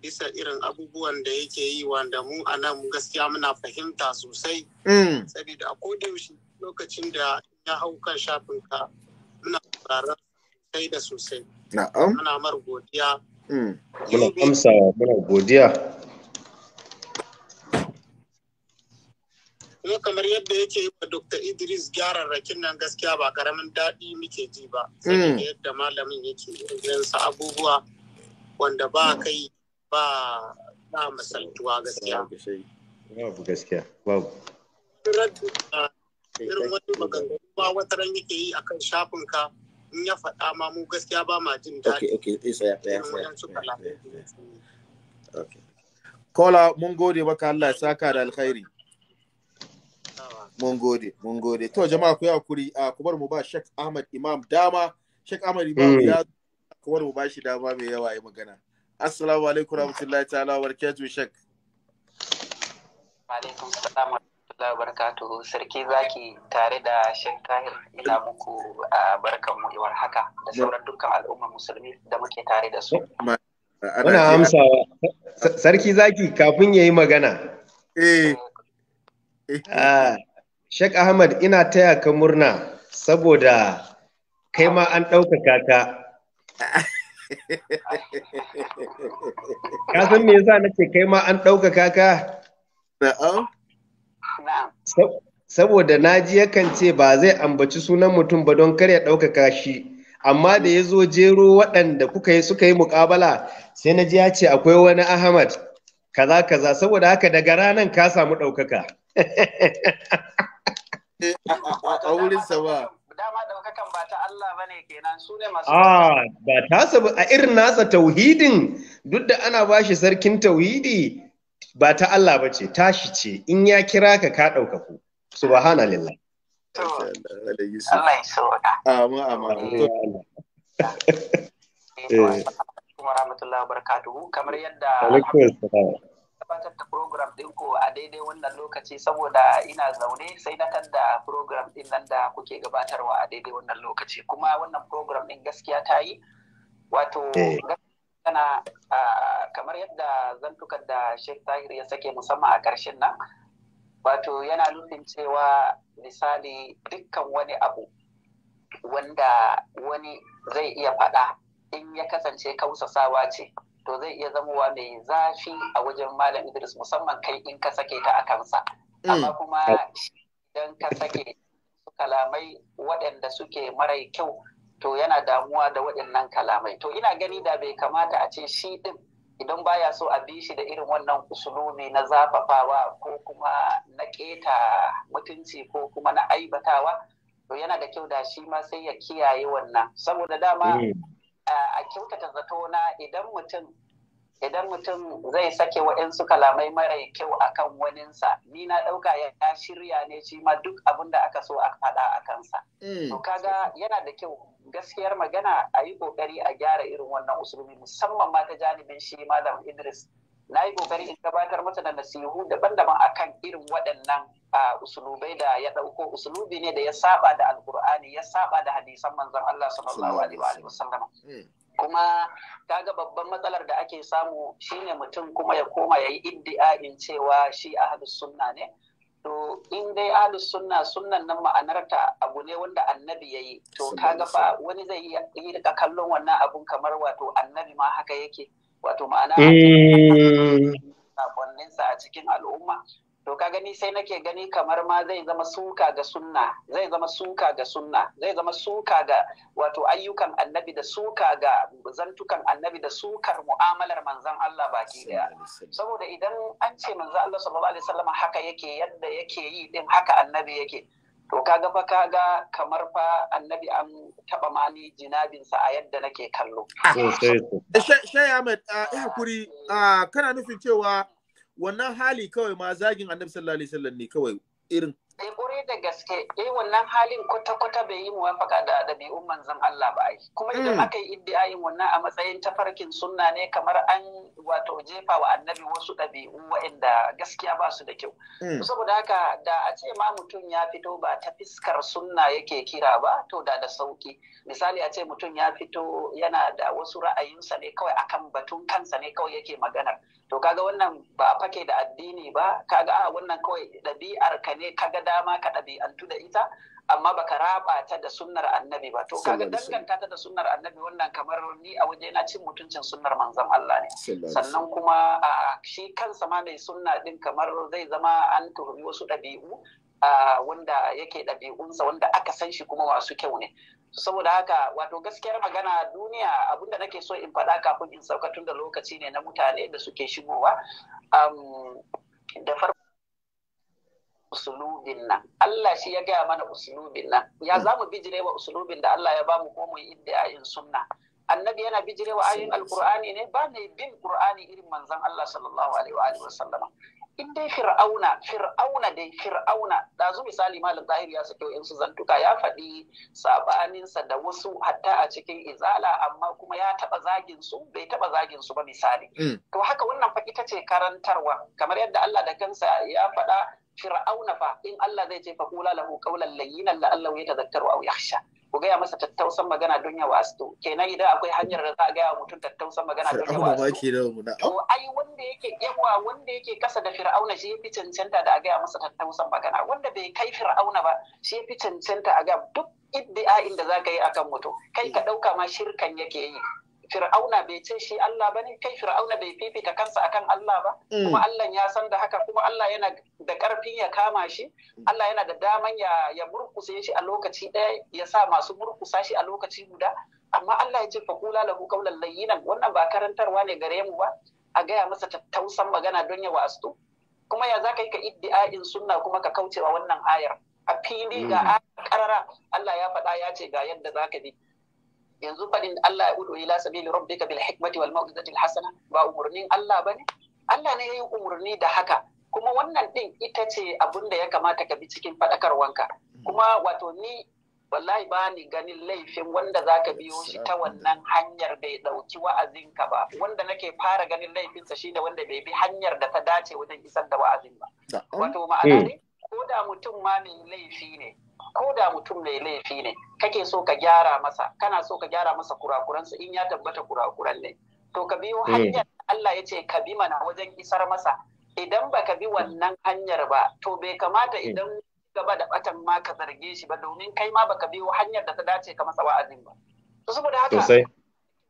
bisa irin abubuwan da yake yi wanda mu a nan gaskiya muna fahimta sosai. Mm. sabida a kodayaushe lokacin da ya hau kan shafinka muna sauraron sosai da sosai. Na'am. Muna mar godiya. Mm. Muna amsa muna godiya. kuma kamar yadda yake yi wa Dr. Idris gyararrakin nan gaskiya ba karamin daɗi muke ji ba. Saboda mm. yadda malamin yake yansa abubuwa wanda ba mm. kai ba ba misaltuwa gaskiya. Babu gaskiya, babu. Ah, irin wani maganganu ba wata ran yake yi a kan shafinka in ya faɗa ma mu gaskiya ba ma jin daɗi. Ok, eh, ok, Kola, mun gode maka Allah ya saka da alkhairi. mun gode mun gode to jama'a ku yi hakuri a kubar mu ba Sheikh Ahmad Imam dama Sheikh Ahmad Imam mm. ya kubar mu ba shi dama mai yawa yi magana assalamu alaikum warahmatullahi ta'ala barakatuh Sheikh alaikum salam Allah barakatuhu sarki zaki tare da Sheikh Tahir ina muku barkan mu iwar haka da sauran dukkan al'umma musulmi da muke tare da su Muna amsawa sarki zaki kafin yayi magana eh, eh. Ah. Sheikh Ahmad ina taya ka murna saboda kai ma an ɗaukaka ka. Ka san me yasa na kai ma an ɗaukaka ka? Na'am. Saboda naji yakan ce ba zai ambaci sunan mutum ba don kar ya ɗaukaka shi. amma da ya zo jero waɗanda kuka yi suka yi muƙabala, sai na ji ya ce akwai wani ahmad kaza kaza saboda haka daga ranan ka samu ɗaukaka a wurin sa ba dama ba ta Allah ne kenan su ne masu ah, a irin nasa tauhidin duk da ana bashi sarkin tauhidi ba ta Allah ba ce tashi ce in ya kira ka ka ɗaukaku subhanallah Allah ya sauka amma amma gabatar da program ɗin ko a daidai wannan lokaci saboda ina zaune sai na tadda program ɗin nan da kuke gabatarwa a daidai wannan lokaci kuma wannan program din gaskiya ta yi wato eh. tana kamar yadda zantukan da Sheikh Tahir ya sake musamman a karshen nan wato yana nufin cewa misali dukkan wani abu wanda wani zai iya faɗa in ya kasance kausasawa ce to zai iya zamowa mai zafi a wajen malam Idris musamman kai in ka sake ta a kansa mm. amma kuma idan ka sake kalamai waɗanda suke marai kyau to yana damuwa da waɗannan kalamai to ina gani da bai kamata a ce shi ɗin idan baya so a bi shi da irin wannan usulumi na zafafawa ko kuma na keta mutunci ko kuma na aibatawa to yana da kyau da shi ma sai ya kiyaye wannan saboda dama mm. Eh, a kyautata zato idan mutum idan mutum zai sake waɗansu kalamai mara kyau akan waninsa ni na ɗauka ya shirya ne shi ma duk abin da aka so a faɗa a kansa mm. to kaga yana da kyau gaskiyar magana a yi ƙoƙari a gyara irin wannan usulumi musamman ma ta janibin shi malam idris na yi kokari in gabatar masa da nasihu daban-daban a kan irin waɗannan usulubai da ya ɗauko usulubi ne da ya saba da alkur'ani ya saba da hadisan manzon Allah sallallahu alaihi wa sallam eh. kuma kaga babban matsalar da ake samu shine mutum kuma ya koma ya yi in cewa shi ahlus sunna ne to in dai ahlus sunna sunnan nan ma'anarta abu ne wanda annabi ya yi to kaga ba wani zai yi kallon wannan abun kamar wato annabi ma haka yake wato ma'ana mm. sa a cikin al'umma to ka gani sai nake gani kamar ma zai zama suka ga sunna zai zama suka ga sunna zai zama suka ga wato ayyukan annabi da suka ga zantukan annabi da sukar mu'amalar manzan Allah baki daya saboda idan an ce manzan Allah sallallahu alaihi wasallam haka yake yadda yake yi din haka annabi yake to kaga fa ka ga kamar fa annabi an taɓa mani jinabinsa a yadda nake kallo shai eh, ahmed ah, ya hakuri eh. ah, kana nufin cewa wannan hali kawai ma zagin annabi sallallahu alaihi wasallam ne kawai irin eh ƙwarai da gaske eh wannan halin kwata-kwata bai yi muwafaka da ɗabi'un manzon Allah ba ai kuma idan hmm. aka yi iddiayin wannan a matsayin tafarkin sunna ne kamar an wato jefa wa annabi wasu ɗabi'u waɗanda gaskiya ba su da kyau hmm. saboda haka da a ce ma mutum ya fito ba ta fiskar sunna yake kira ba to da da sauki misali a ce mutum ya fito yana da wasu ra'ayinsa ne kawai akan batun kansa ne kawai yake maganar to kaga wannan ba fake da addini ba kaga a ah, wannan kawai ɗabi'ar ka ne kaga dama ka ɗabi'antu da ita amma baka raba ta da sunnar annabi ba to kaga danganta ta da sunnar annabi wannan kamar ni a waje na cin mutuncin sunnar manzon Allah ne sannan kuma a shi kansa ma mai sunna din kamar zai zama an tuhumi wasu ɗabi'u wanda yake ɗabi'unsa wanda aka san shi kuma masu kyau ne saboda haka wato gaskiyar magana duniya abinda nake so in faɗa kafin in sauka tun da lokaci ne na mutane da suke shigowa da farko usulubin nan Allah shi ya gaya mana usulubin nan ya za mu bijire wa usulubin da Allah ya bamu ko mu yi iddiayin sunna annabi yana bijire wa ayoyin alkur'ani ne ba ne bin qur'ani irin manzon Allah sallallahu alaihi wa alihi in dai fir'auna fir'auna dai fir'auna dazu misali malam zahiri ya sake yansu zantuka ya faɗi sabaninsa da wasu hatta a cikin izala amma kuma ya taba zagin su bai taɓa zagin su ba misali mm. to haka wannan fa ita ce karantarwa kamar yadda Allah da kansa ya faɗa fir'auna fa in Allah zai ce fa kula lahu qawlan layyinan la'allahu yatadhakkaru aw yakhsha ku gaya masa tattausan magana don ya wasu kenan idan akwai hanyar da za a gaya mutum tattausan magana don ya wasu to ai wanda yake yawa wanda yake kasa da fir'auna shi yafi cancanta da a gaya masa tattausan magana wanda bai kai fir'auna ba shi yafi cancanta a ga duk iddi'a'in da za ka yi akan mutum kai ka mm. ɗauka ma shirkan yake yi fir'auna bai ce shi Allah ba ne? kai fir'auna bai fifita kansa akan Allah ba mm. kuma Allah ya san da haka kuma Allah yana da karfin ya kama shi Allah yana da daman ya ya burkuse shi a lokaci ɗaya ya sa masu burkusa shi a lokaci guda amma Allah ya ce fa kula lahu qawlan layyinan wannan ba karantarwa ne gare mu ba a gaya masa tattausan magana don ya wasu kuma ya zaka yi ka iddi'a'in sunna kuma ka kaucewa wannan ayar a fili ga karara mm. Allah ya faɗa ya ce ga yadda zaka bi yanzu faɗin Allah ya udo ila sabili rabbika bil hikmati wal mau'izati al ba umurnin Allah bane Allah ne yayi umurni da haka kuma wannan din ita ce abin da ya kamata ka bi cikin wanka. Mm. kuma wato ni wallahi ba ni ganin laifin wanda zaka biyo shi ta wannan hanyar bai ɗauki wa'azinka ba wanda nake fara ganin laifinsa shine wanda bai bi hanyar da ta dace wajen isar da wa'azin ba wato ma'ana ne mm. ko da mutum ma mai laifi ne ko da mutum mai laifi ne kake so ka gyara masa kana so ka gyara masa kurakuransa in ya tabbata kurakuran ne to ka biyo hmm. hanyar Allah ya ce ka bi mana wajen isar masa idan baka bi wannan hanyar ba to bai kamata hmm. idan gaba da batan ma ka zarge shi ba domin kai ma baka biyo hanyar da ta dace ka masa wa'azin ba to saboda haka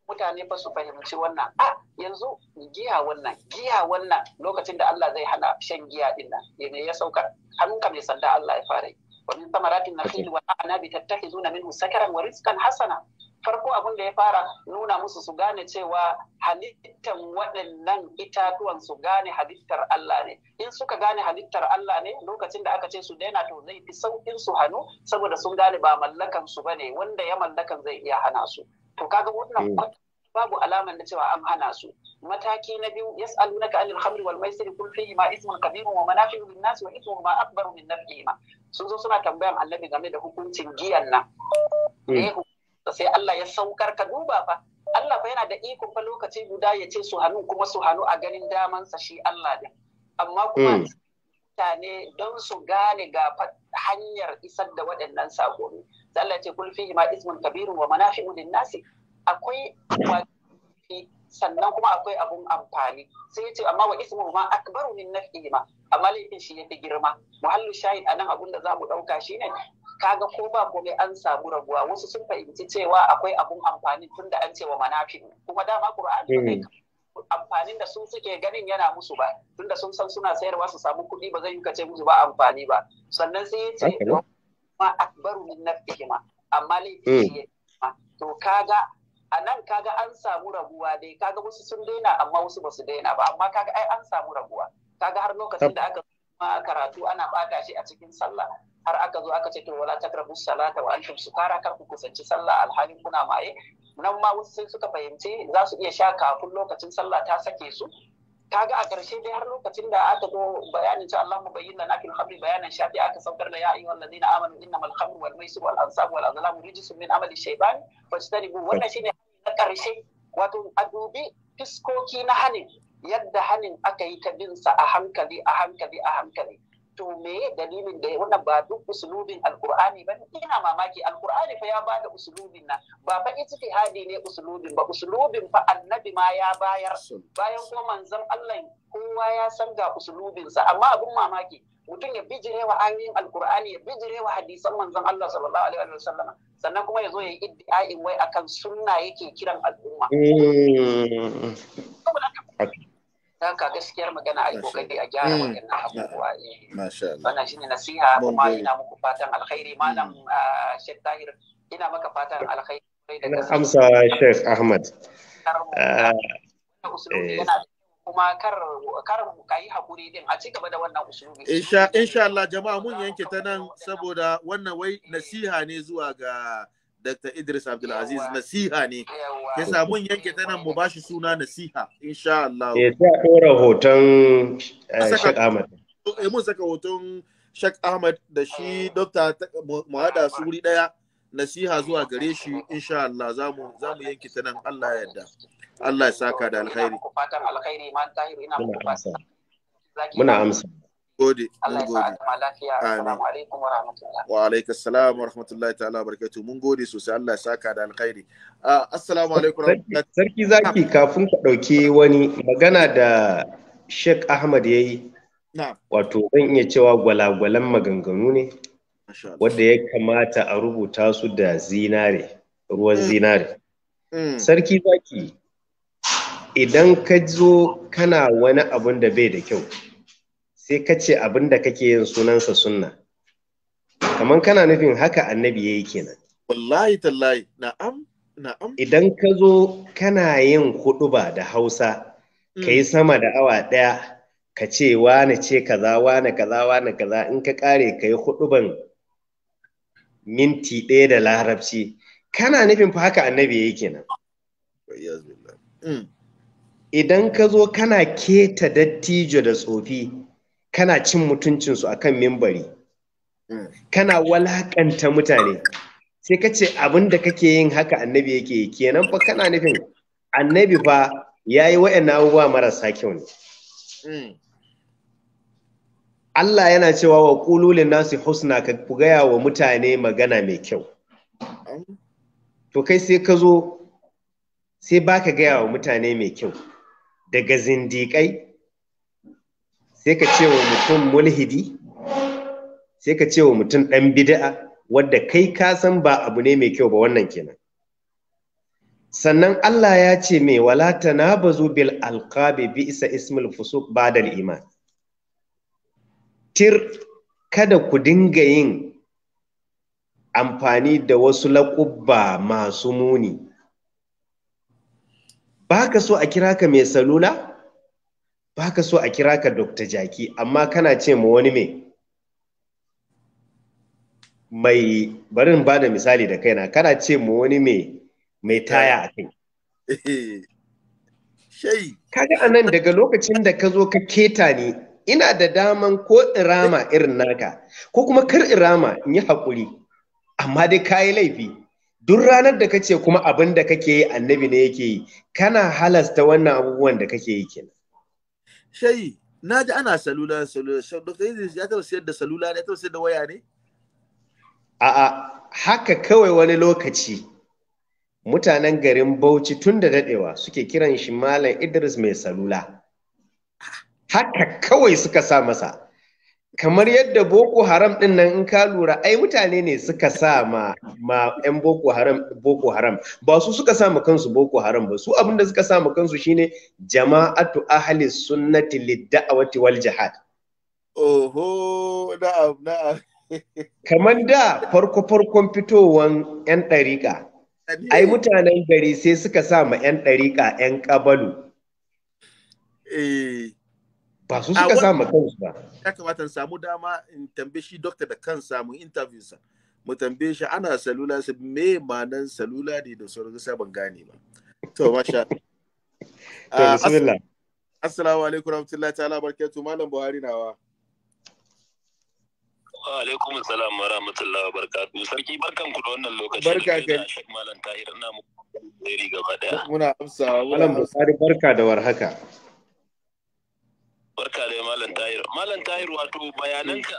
mutane fa su fahimci wannan a yanzu giya wannan giya wannan lokacin da Allah zai hana shan giya din nan ya sauka hannunka mai sanda Allah ya fara yi ومن ثمرات النخيل والأعناب تتخذون منه سكرا ورزقا حسنا farko abin da ya fara nuna musu su gane cewa halittar waɗannan itatuwan su gane halittar Allah ne in suka gane halittar Allah ne lokacin da aka ce su daina to zai fi saukin su hannu saboda sun gane ba mallakan su bane wanda ya mallakan zai iya hana su to kaga wannan babu alaman na cewa an hana su mataki na biyu yas'alunaka anil khamri wal maisir kul fihi ma ismun kabirun wa manafi'u lin nas wa ithmu ma akbaru min naf'ihima sun zo suna tambayan annabi game da hukuncin giyan nan hmm. eh, sai Allah ya saukar ka duba fa Allah fa yana da ikon fa lokaci guda ya ce su hannu kuma su hannu a ganin daman sa shi Allah din amma kuma hmm. mutane don su gane ga hanyar isar da waɗannan sakonni sai Allah ya ce kul fihi ma ismun kabirun wa manafi'u lin nas akwai sannan kuma akwai abun amfani sai ya ce amma wa ismu ma akbaru min naf'ihi ma amma laifin shi yafi girma muhallu shahid anan abun da zamu dauka shine kaga ko ba komai an samu rabuwa wasu sun fahimci cewa akwai abun amfani tunda an ce wa manafi kuma dama qur'ani hmm. amfanin da sun suke ganin yana musu ba tunda sun san suna sayarwa su samu kuɗi ba zai yi kace musu ba amfani ba sannan sai ya ce ma akbaru min naf'ihi amma laifin shi hmm. to kaga a nan kaga an samu rabuwa dai kaga wasu sun daina amma wasu ba su daina ba amma kaga ai an samu raguwa kaga har lokacin da aka a karatu ana bata shi a cikin sallah har aka zo aka ce to wala takrabu salata wa antum sukara kar ku kusanci sallah alhalin kuna maye nan ma wasu sai suka fahimci za su iya sha kafin lokacin sallah ta sake su kaga a ƙarshe dai har lokacin da aka zo bayanin cewa Allah bayyana na fil khamri bayanan shafi aka saukar da ya ayyuhal ladina amanu innamal khamru wal maisir wal ansabu wal azlamu rijsun min amali shaytan fajtanibu wannan shine ƙarshe wato a dubi fiskoki na hanin yadda hanin aka yi ta binsa a hankali a hankali a hankali to me dalilin da wannan ba duk usulubin alkur'ani ba ina mamaki alkur'ani fa ya bada usulubin nan ba fa ijtihadi ne usulubin ba usulubin fa annabi ma ya bayar bayan ko manzon Allah kowa ya san ga usulubin sa amma abun mamaki mutum ya bijire wa ayoyin alkur'ani ya bijire wa hadisan manzon Allah sallallahu alaihi wa sallam sannan kuma ya zo ya yi iddi'a'i wai akan sunna yake kiran al'umma hmm. haka gaskiyar magana a yi kokari a gyara hmm. waɗannan abubuwa eh. wannan shine nasiha kuma ina muku fatan alkhairi hmm. malam ah, Sheikh Tahir ina maka fatan alkhairi na amsa Sheikh Ahmad ah, kuma kar kar mu kai hakuri din a ci gaba da wannan usulubi insha Allah jama'a mun yanke ta nan saboda wannan wai nasiha ne zuwa ga Dr. Idris Abdulaziz nasiha ne. Ya samu yanke ta nan mu ba shi suna nasiha insha Allah. Ya eh, ta ɗora hoton eh, Sheikh Ahmad. Eh, mun saka hoton Sheikh Ahmad da shi Dr. mu Suri daya ɗaya nasiha zuwa gare shi insha Allah za mu yanke ta nan Allah ya yarda. Allah ya saka da alkhairi. Muna amsa. gode mun gode wa alaikum assalam wa rahmatullahi ta'ala barakatuh mun gode sosai Allah ya saka da alkhairi ah, assalamu alaikum sarki zaki kafin ka dauke wani magana da Sheikh Ahmad yayi wato zan iya cewa gwalagwalan maganganu ne wadda ya kamata a rubuta su da zinare ruwan mm. zinare mm. sarki zaki idan ka zo kana wani abun da bai da kyau sai ka ce abin da kake yin sunansa sunna kamar kana nufin haka annabi yi kenan wallahi tallahi na'am na'am idan ka zo kana yin huɗuba da Hausa mm. ka yi sama da awa ɗaya ka ce wani ce kaza wani kaza wani kaza in ka kare ka yi huɗuban minti ɗaya da larabci kana nufin fa haka annabi yi kenan mm. idan ka zo kana keta dattijo da tsofi kana cin mutuncinsu a kan mimbari hmm. kana walakanta mutane sai ka ce abin da kake yin haka annabi yake yi kenan fa kana nufin annabi fa ya yi wa'yan abubuwa marasa kyau ne hmm. Allah yana cewa wa ƙululin nasu husna ka gaya wa mutane magana mai kyau hmm. to kai sai ka zo sai baka gaya wa mutane mai kyau daga zindiƙai sai ka ce wa mutum mulhidi sai ka ce wa mutum ɗan bida'a wadda kai ka san ba abu ne mai kyau ba wannan kenan sannan Allah ya ce mai wala tanabazu bil alqabi bi isa ismul ba da iman tir kada ku dinga yin amfani da wasu laƙubba masu muni Baka so a kira ka mai salula baka so a kira ka Dr. Jaki amma kana ce ma wani me mai barin ba da misali da kaina kana ce ma wani me mai taya a kai kaga anan daga lokacin da ka zo ka keta ni ina da daman ko irama irin naka ko kuma kar irama in yi haƙuri amma dai kayi laifi duk ranar da kace kuma abin da kake yi annabi ne yake yi kana halasta wannan abubuwan da kake yi kenan shayi na ji ana salula salula shan dr idris ya taba sayar da salula ne ya taba sayar da waya ne a'a haka kawai wani lokaci mutanen garin bauchi tun da daɗewa suke kiran shi malam idris mai salula ah. haka kawai suka sa masa kamar yadda boko haram din nan in ka lura ai mutane ne suka sa ma ma yan boko haram boko haram ba su suka sa ma kansu boko haram ba su abinda suka sa ma kansu shine jama'atu ahli sunnati lid wal jihad oho na'am na'am kamar da farko farkon fitowan yan ɗarika, ai mutanen gari sai suka sa ma yan ɗarika yan ƙabalu eh ba su suka samu kansu ba ya kamata in samu dama in tambaye shi dokta da kansa mu interview sa mu tambaye shi ana salula su me nan salula ne da sauran sa ban gane ba to masha to bismillah ah, assalamu alaikum rahmatullahi ta'ala barkatu malam buhari nawa Wa alaikum salam wa rahmatullahi wa barakatuhu. Sarki barkan ku da wannan lokaci. Barka kai. Shek Malam Tahir ina muku gaba daya. Muna amsa. Malam Bukhari barka da warhaka. Barka da Malam Tahir. Malam Tahir wato bayananka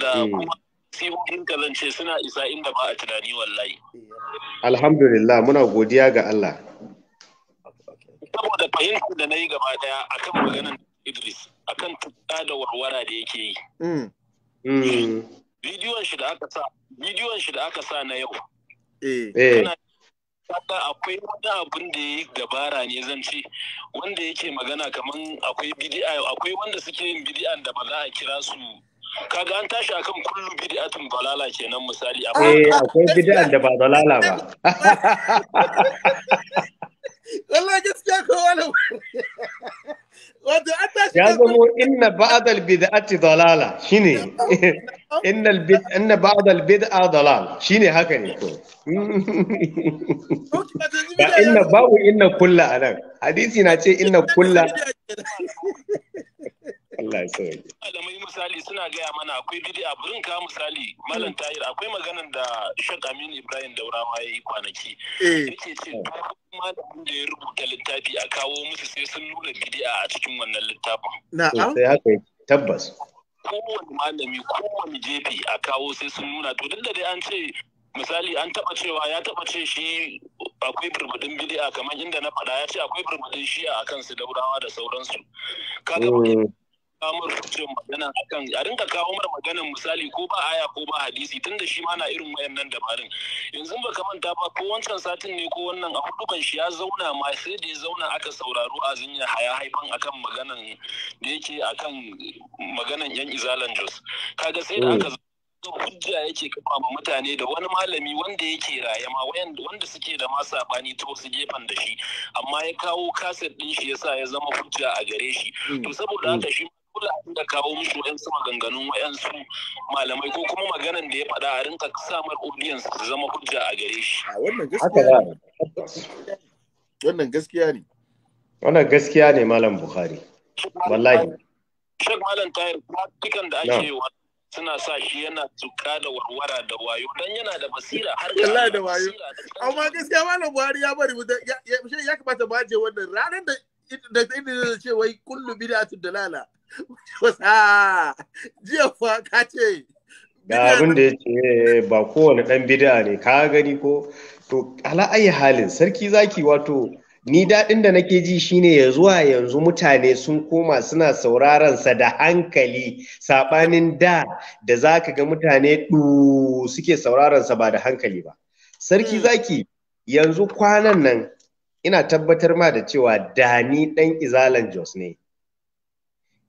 da mm. kuma suna isa inda ba a tunani wallahi. Alhamdulillah muna godiya ga Allah. Saboda fahimtar da na yi gaba daya akan maganan Idris akan tuka da warwara da yake yi. Mm. Mm. Bidiyon shi da aka sa, bidiyon shi da aka sa na yau. Eh. eh. Kaga akwai wani abun da ya dabara ne zan ce wanda yake magana kaman akwai bidi'a akwai wanda suke yin bidi'a da ba za a kira su kaga an tashi akan kullu bidi'atun balala kenan misali eh, akwai akwai bidi'a da ba balala ba wallahi gaskiya ko wala wato an tashi ya zama inna ba'dal bid'ati dalala shine Inna baad anna ba'd al bid'a dalal shine haka ne to ba inna babu inna kulla anan hadisi na ce inna kulla Allah ya sauke misali suna gaya mana akwai bid'a burin ka misali malam Tahir, akwai maganar da Sheikh Aminu Ibrahim Daurawa yayi kwanaki yace ce malamin da ya rubuta littafi a kawo musu sai sun nuna bid'a a cikin wannan littafin na'am tabbas kowane malami kowane jefi a kawo sai sun nuna to duk da dai an ce misali an taba cewa ya taba ce shi akwai birbidin bid'a kamar inda na faɗa ya ce akwai birbidin shi'a akan su daurawa da sauransu kaga mm. kawo rubucin magana akan a rinka kawo mar maganan misali ko ba aya ko ba hadisi tunda shi ma na irin wayannan dabarun yanzu baka ta ba ko wancan satin ne ko wannan a hudukan shi ya zauna ma sai da ya zauna aka sauraro a zinya haya haifan akan maganan da yake akan maganan yan izalan jos kaga sai da aka mm. hujja yake kafa ma mutane da wani malami wanda yake raye ma wanda suke da ma sabani ta wasu gefen da shi amma ya kawo kaset din shi yasa ya zama hujja a gare shi to mm. saboda haka shi kula a da kawo mishi wayansu maganganun wayansu malamai ko kuma maganan da ya faɗa a rinka samar audience su zama hujja a gare shi wannan gaskiya ne wannan gaskiya ne malam bukhari wallahi shek malam yi practical da ake yi suna sa shi yana tuka da warwara da wayo dan yana da basira har ga Allah da wayo amma gaskiya malam Buhari ya bari ya ya kamata ba je wannan ranar da da ce wai kullu bid'atu dalala wasa jiya fa ka ce ga abin da ya ce ba kowane ɗan bida ne ka gani ko to ala ayi halin sarki zaki wato ni daɗin da nake ji shine ya zuwa yanzu mutane sun koma suna sauraron sa da hankali saɓanin da da za ka ga mutane ɗu suke sauraron sa ba da hankali ba sarki hmm. zaki yanzu kwanan nan ina tabbatar ma da cewa da ni ɗan izalan jos ne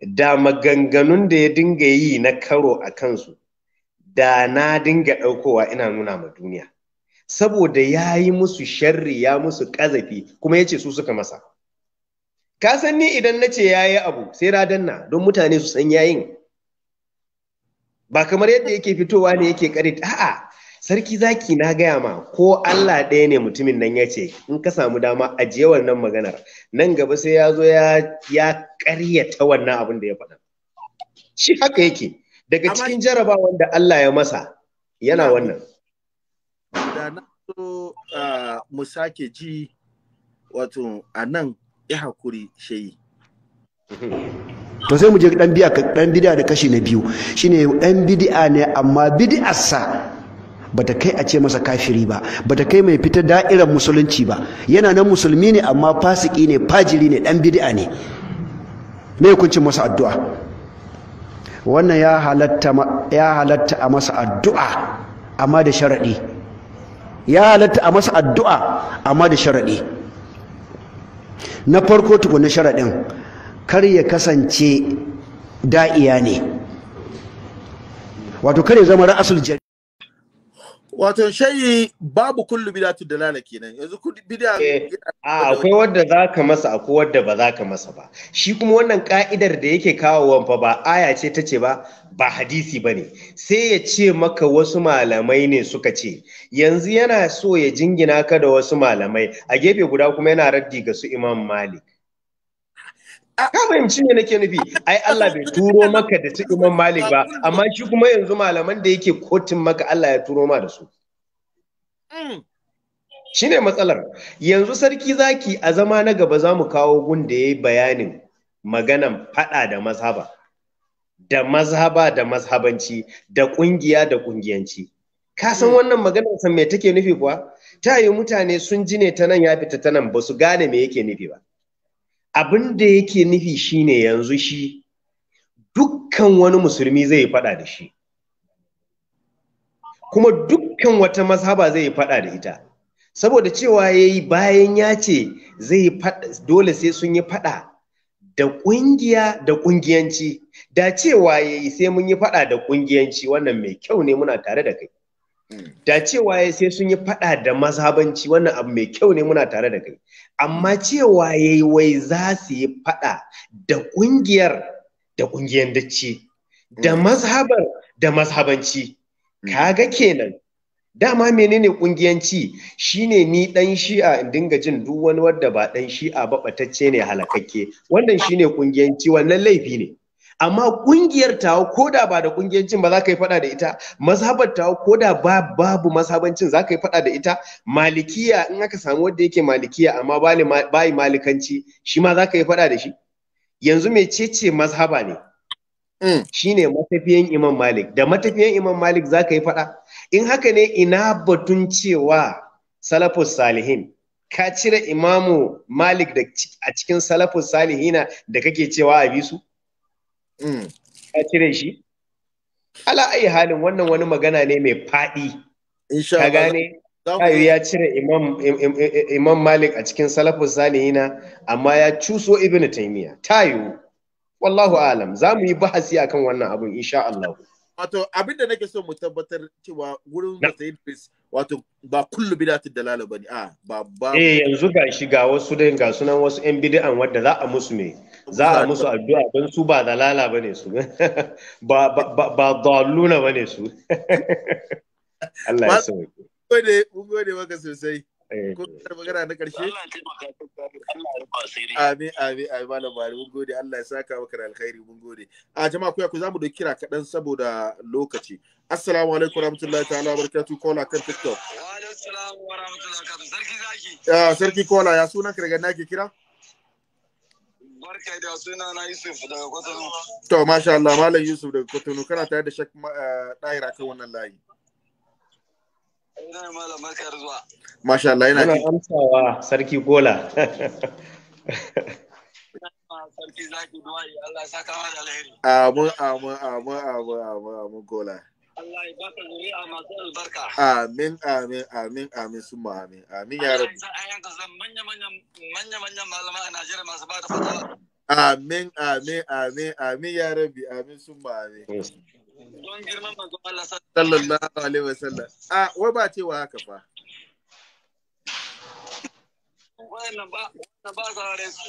da maganganun da ya dinga yi na karo a kansu da na dinga ɗaukowa ina nuna ma duniya saboda ya yi musu sharri ya musu ƙazafi kuma ya ce su suka masa ka san ni idan na ce ya yi abu sai radanna danna don mutane su san yayin ba kamar yadda yake fitowa ne yake ƙarit a'a sarki zaki na gaya ma ko Allah ɗaya ne mutumin nan ya ce in ka samu dama ajiye wannan maganar nan gaba sai ya zo ya ƙaryata wannan abin da ya faɗa shi haka yake daga cikin jarabawan da Allah ya masa yana wannan da na so mu sake ji wato a nan ya hakuri shayi to sai mu je dan biya bid'a da kashi na biyu shine dan bid'a ne amma bid'arsa bata kai a ce masa kafiri ba bata kai mai fita da'irar musulunci ba yana nan musulmi ne amma fasiki ne fajiri ne dan bid'a ne me hukuncin masa addu'a wannan ya halatta ya halatta a masa addu'a amma da sharadi ya halatta a masa addu'a amma da sharadi na farko tukunna sharadin kar ya kasance da'iya ne wato kar ya zama ra'asul Wato shayi babu kullu bidatu dalala kenan yanzu ku bid'a eh, a akwai wanda za ka masa akwai wadda ba za ka masa ba shi kuma wannan ka'idar da yake kawo fa ba aya ce ta ce ba ba hadisi ba ne sai ya ce maka wasu malamai ne suka ce yanzu yana so ya jingina ka da wasu malamai a gefe guda kuma yana raddi ga su imam malik ka fahimci ne nake nufi ai Allah bai turo maka da Imam Malik ba amma shi kuma yanzu malaman da yake kotun maka Allah ya turo ma da su mm. shine matsalar yanzu sarki zaki a zama na gaba za mu kawo gunda da yayi bayanin maganan fada da mazhaba da mazhaba da mazhabanci da kungiya da kungiyanci ka san mm. wannan maganar san me take nufi kuwa ta yi mutane sun ji ne ta nan ya fita ta nan ba su gane me yake nufi ba abin da yake nufi shine yanzu shi dukkan wani musulmi zai yi fada da shi kuma dukkan wata mazhaba zai yi fada da ita saboda cewa ya yi bayan ya ce zai dole sai sun yi fada da ƙungiya da ƙungiyanci, da cewa ya yi sai mun yi fada da ƙungiyanci wannan mai kyau ne muna tare da kai da cewa ya sai sun yi faɗa da mazhabanci wannan abu mai kyau ne muna tare da kai amma cewa ya yi wai za su yi faɗa da ƙungiyar da ƙungiyar ce, da mm. mazhabar da mazhabanci mm. kaga kenan dama menene ƙungiyanci ne ni ɗan shi'a in dinga jin duk wani wadda ba ɗan shi'a ba ɓatacce ne halakakke wannan shi ne ƙungiyanci wannan laifi ne amma kungiyar tawa ko da ba da kungiyancin ba za ka yi fada da ita mazhabar tawa ko da babu mazhabancin za ka yi fada da ita malikiya in aka samu wanda yake malikiya amma bayi malikanci shi ma za ka yi fada da shi yanzu mecece mazhaba ne mm. shine matafiyan imam malik da matafiyan imam malik za ka yi fada in haka ne ina batun cewa salafus salihin ka cire imamu malik a cikin salafus salihina da kake cewa a bisu Mm. ka cire shi ala ayi halin wannan wani magana ne mai faɗi ka gane Kayu ya cire imam, imam Malik a cikin salafus salihina amma ya cuso ibn taimiya tayo wallahu alam za mu yi bahasi akan wannan abun insha Allah wato abin da nake so mu tabbatar cewa wurin Mr. Idris wato ba kullu bidatu dalala bane a ah, ba ba eh yanzu ga shi ga wasu da ga sunan wasu yan bid'an wadda za a musu me za a musu addu'a don su ba dalala ba su ba daluna ba su Allah ya so gode mun gode maka sosai eh. ko magana na karshe amin amin amin malam bari mun gode Allah ya saka maka da alkhairi mun gode a jama'a ku ya ku zamu doki kira kaɗan saboda lokaci assalamu alaikum warahmatullahi ta'ala barakatuh kola kan tiktok wa alaikum assalam warahmatullahi sarki zaki sarki kola ya sunan ka daga nake kira barka da suna na Yusuf daga Kwatano. To masha Allah Malam Yusuf daga Kotonu, kana tare da shak ɗahira eh, kan wannan layi. Ina malam barka da zuwa. Masha Allah yana kan. amsawa sarki Gola. Sarki zaki duwaye Allah ya saka da alheri. Amin amin amin amin amin Gola. Allah ya baka zuri'a masu albarka. Amin, amin, amin, amin, summa amin. Amin ya rabu. Za a yanka zan manya manya malama a Najeriya masu ba da fatawa. Amin, amin, amin, amin ya rabi, amin summa amin. Don girman manzo Allah sallallahu alaihi wasallam. A, wai ba ce wa haka fa. Wannan ba, wannan ba saurare su.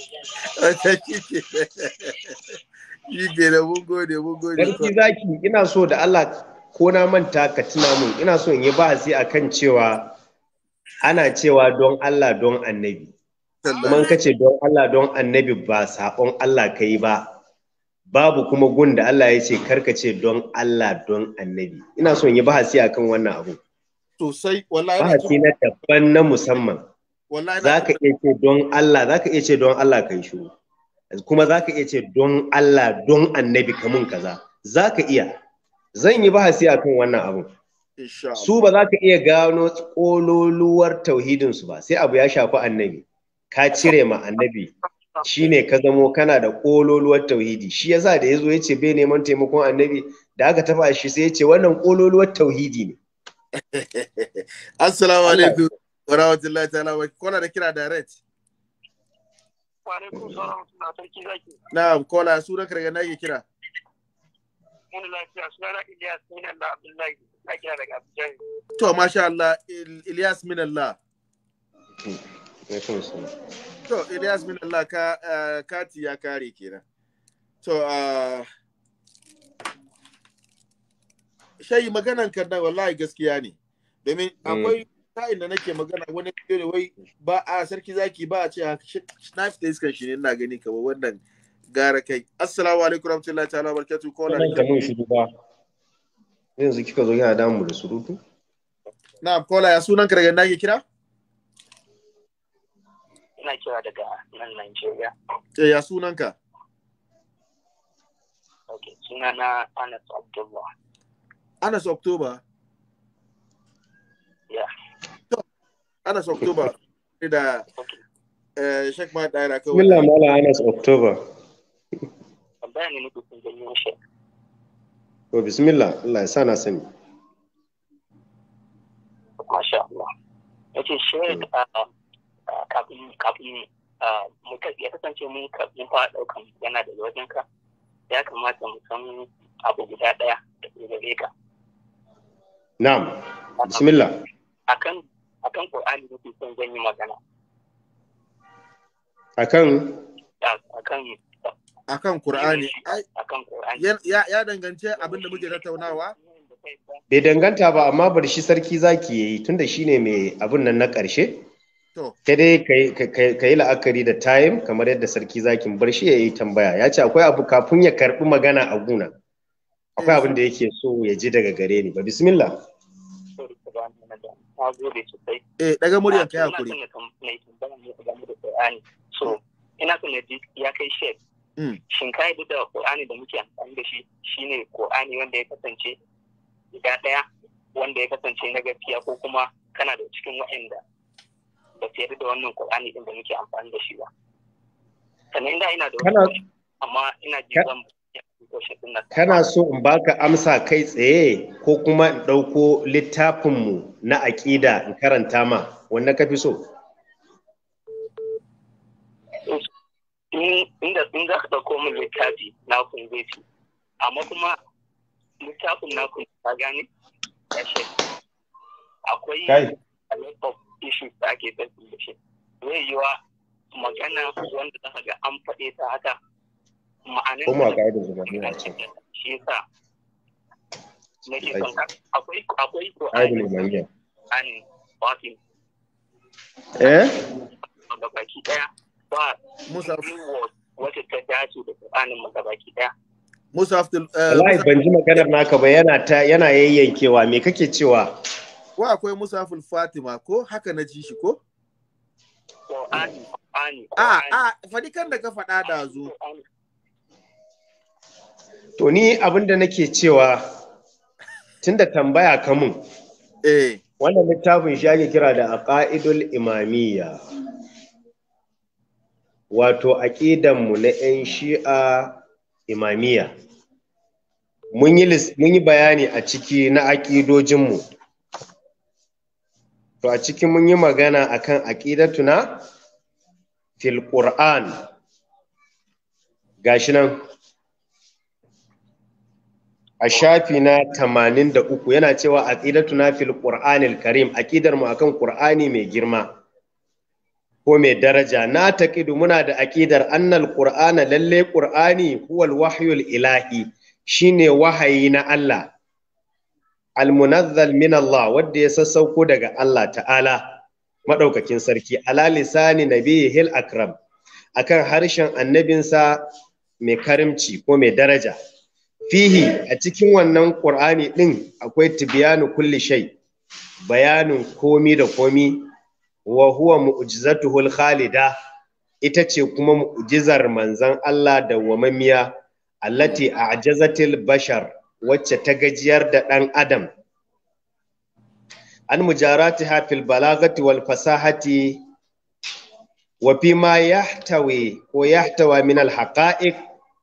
Shi ke da mun gode, mun gode. Sarki zaki, ina so da Allah ko na manta ka tuna mun ina so in yi bahasi akan cewa ana cewa don Allah don annabi kuma ka ce don Allah don annabi ba saƙon Allah ka yi ba babu kuma gun da Allah ya ce karka ce don Allah don annabi ina son yi bahasi akan wannan abu sosai wallahi bahasi na daban na musamman za ka iya ce don Allah za ka iya ce don Allah kai shiru kuma za ka iya ce don Allah don annabi kamun kaza za ka iya zan yi bahasi akan wannan abun su ba za ka iya gano tsololuwar tauhidinsu ba sai abu ya shafi annabi ka cire ma annabi shine ka zamo kana da kololuwar tauhidi shi yasa da ya ce bai neman taimakon annabi da aka tafa shi sai yace wannan kololuwar tauhidi ne assalamu alaikum wa rahmatullahi ta'ala wa kona da kira direct wa alaikum salam sarki zaki na'am kona su da karga nake kira wani lafiya suna na Ilyas Minallah Abdullahi a kira daga Abdullahi. To masha Allah Ilyas Minallah. To Ilyas Minallah ka eh, kati ya kare kenan. To eh, shayi maganan ka na wallahi gaskiya ne. Domin mm. akwai sa'in da nake magana wani ne wai ba a sarki zaki ba a ce knife da iskan shi ne ina gani kawai. wannan gara kai assalamu alaikum rahmatullahi ta'ala barkatu ko na kamun shi duba yanzu kika zo yana damu da surutu Na kola ya sunan ka daga inda ke kira ina kira daga nan Najeriya eh ya sunan ka okay na Anas Abdullah Anas October yeah Anas October da eh, Sheikh Mahdi Daira kawai. Mila Mala Anas October. tambaya ne nake son janyo shi to bismillah Allah ya sa na sani masha Allah yace shi hmm. ah, ah, kafin kafin ah, mu ya kasance mun kafin fa daukan yana da wajen ka ya kamata mu san abu guda daya da gare ka na'am bismillah akan akan Qur'ani nake son janyo magana akan akan akan Qur'ani ya dangance abin da muke tattaunawa bai danganta ba amma bari shi sarki zaki yi tunda shine mai abin nan na ƙarshe ta dai ka yi la'akari da time kamar yadda sarki zakin bar shi ya yi tambaya ya ce akwai abu kafin ya karɓi magana a guna akwai abin da yake so ya ji daga gare ni ba bismillah eh daga muryar kai hakuri ina so ne ji ya kai shek Mm. shin ka yadda da ƙur'ani da muke amfani da shi shine ƙur'ani wanda ya kasance guda ɗaya wanda ya kasance na gaskiya ko kuma kana da cikin wa'inda ba su yadda da wannan ƙur'ani ɗin da muke amfani da shi ba sannan da ina da wani amma ina ji zan kana so in baka amsa kai tsaye ko kuma in ɗauko littafinmu na aƙida in karanta ma wanda ka fi so inda in za ka ɗauko min littafi na kun zai amma kuma littafin na kun ta gane kashe akwai a lot of da ake tafi da shi zai yi wa magana wanda za ka ga an faɗe ta haka ma'anin da ga da shi sa nake ke akwai akwai ko ani wato eh da baki ɗaya. ba wata ta dace da Qur'anin maka baki daya Musaf eh, Wallahi ban ji maganar naka ba yana ta yana yayyankewa me kake cewa Wa akwai Musaful Fatima ko haka na ji shi ko Qur'ani A a fadi kan da ka faɗa da zo To ni abin da nake cewa tunda tambaya ka mun eh wannan littafin shi ake kira da aqaidul imamiyya wato mu na 'yan shi'a imamiya mun yi bayani a ciki na aƙidojinmu to a ciki mun yi magana akan na fil Ga gashi nan a shafi na 83 yana cewa aqidatuna fil Qur'anil Karim aqidarmu akan ƙur'ani mai girma ko mai daraja na taƙidu muna da aƙidar annal ƙur'ana lalle ƙur'ani huwal wahyul ilahi shine wahayi na Allah almunazzal min Allah wanda ya sassauko daga Allah ta'ala madaukakin sarki ala lisani hil akram akan harshen annabinsa mai karimci ko mai daraja fihi a cikin wannan ƙur'ani ɗin akwai tibiyanu kulli shai, bayanin komi da komi wa huwa mu'jizatuhul khalida ita ce kuma mu'jizar manzan Allah da wamamiya allati a'jazatil bashar wacce ta gajiyar da ɗan adam an mujaratiha fil balagati wal fasahati wa fi ma yahtawi ko yahtawa min al haqa'iq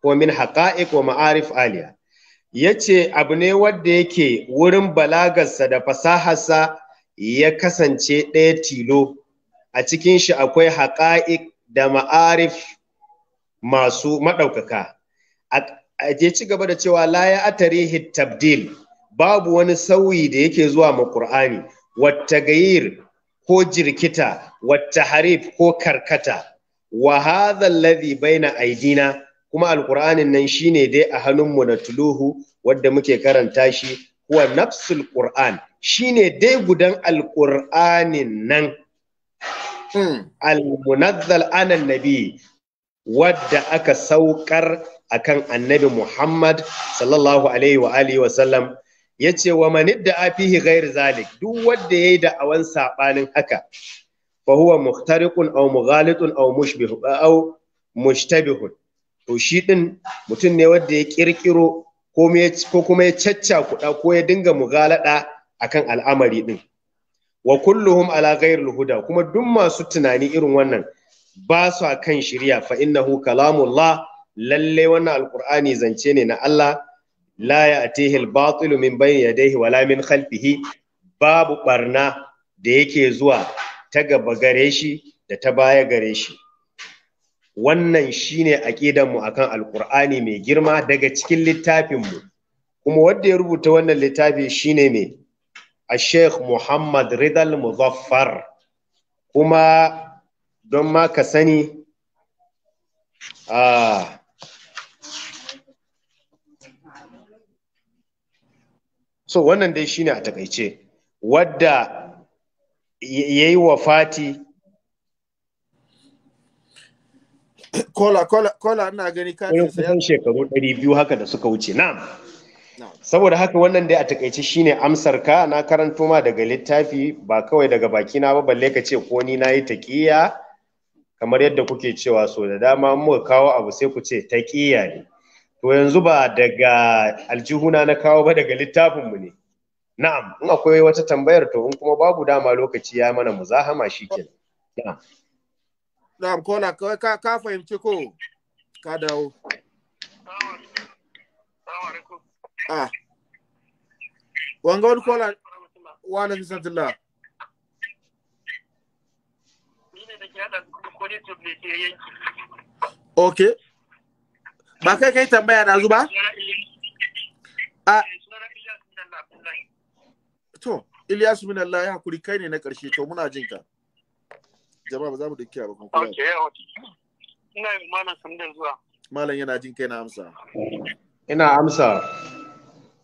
ko min haqa'iq wa ma'arif aliya yace abu ne wanda yake wurin balagarsa da fasaharsa ya kasance ɗaya tilo a cikin shi akwai haƙa'iq da ma'arif masu maɗaukaka a je ci gaba da cewa la ya atarihi tabdil babu wani sauyi da yake zuwa ma Ƙur'ani wata gayir ko jirkita wata harif ko karkata wa hadha alladhi baina aidina kuma alƙur'anin nan shine dai a hannunmu na tuluhu wadda muke karanta shi huwa nafsul ƙur'an shine dai gudan alƙur'anin nan hmm. al-munazzal anan nabi wadda aka saukar akan annabi Muhammad sallallahu alaihi wa alihi wa sallam yace wa man afihi fihi ghair zalik duk wanda yayi da'awan sabanin haka fa huwa muhtariqun aw mughalitun aw mushbihu aw mushtabihun to shi din mutum ne wanda ya kirkiro ko kuma ya cacca kuɗa ko ya dinga mughalada akan al'amari din wa kulluhum ala ghairil huda kuma duk masu tunani irin wannan ba su kan shari'a fa innahu kalamullah lalle wannan alqur'ani zance ne na Allah la ya'tihi al-batil min bayni yadayhi wala min khalfihi babu barna da yake zuwa ta gaba gare shi da ta baya gare shi wannan shine mu akan alqur'ani mai girma daga cikin littafinmu kuma wanda ya rubuta wannan littafi shine mai a sheikh muhammad ridal muzaffar kuma don ma ka sani ah, so wannan dai shine a takaice wadda ya yi wa fati kola kola kola ina gani ka shekaru 200 haka da suka wuce na'am saboda haka wannan dai a takaice shine amsar ka na karanto ma daga littafi ba kawai daga baki na ba balle ka ce ko ni nayi taqiya kamar yadda kuke cewa so da dama muka kawo abu sai ku ce taqiya ne to yanzu ba daga aljihuna na kawo ba daga littafin mu ne na'am in akwai wata tambayar to in kuma babu dama lokaci ya mana muzahama shikenan na'am na'am kona kawai ka fahimci ko ka dawo ah wanga wani kola wa alaikum salam ok ba kai kai tambaya na zuba a ah. to Ilyas min Allah ya hakuri kai ne na karshe to muna jin ka jama'a ba za mu dinkiya ba kuma okay ina malam samdan zuwa malam yana jin kai na amsa ina amsa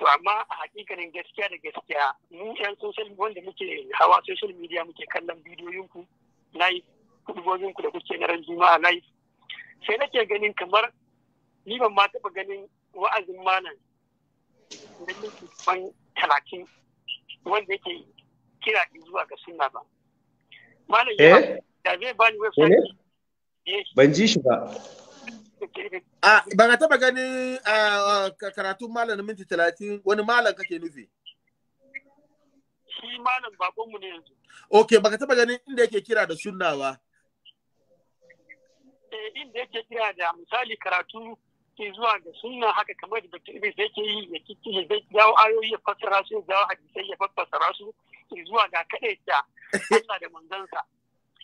to amma a hakikanin gaskiya da gaskiya mu yan social wanda muke hawa social media muke kallon bidiyoyinku live kudubobinku da kuke na ran juma'a live sai nake ganin kamar ni ban ma taɓa ganin wa'azin malam na minti ban talatin wanda yake kira zuwa ga sunna ba. Malam eh? ya da zai bani website. Eh? Ban ji shi ba. Ah, ba ah, ka taba a karatun malamin minti talatin wani malam kake nufi? Shi malam babanmu ne yanzu. Ok, ba ka taba ganin inda yake kira da sunna ba. Eh, inda yake kira da misali karatu ke zuwa da sunna haka kamar da Dr. Ibis yake yi ya kiki ya jawo ayoyi ya fassara su ya jawo hadisai ya fassara su ke zuwa ga kaɗai da Allah da manzansa.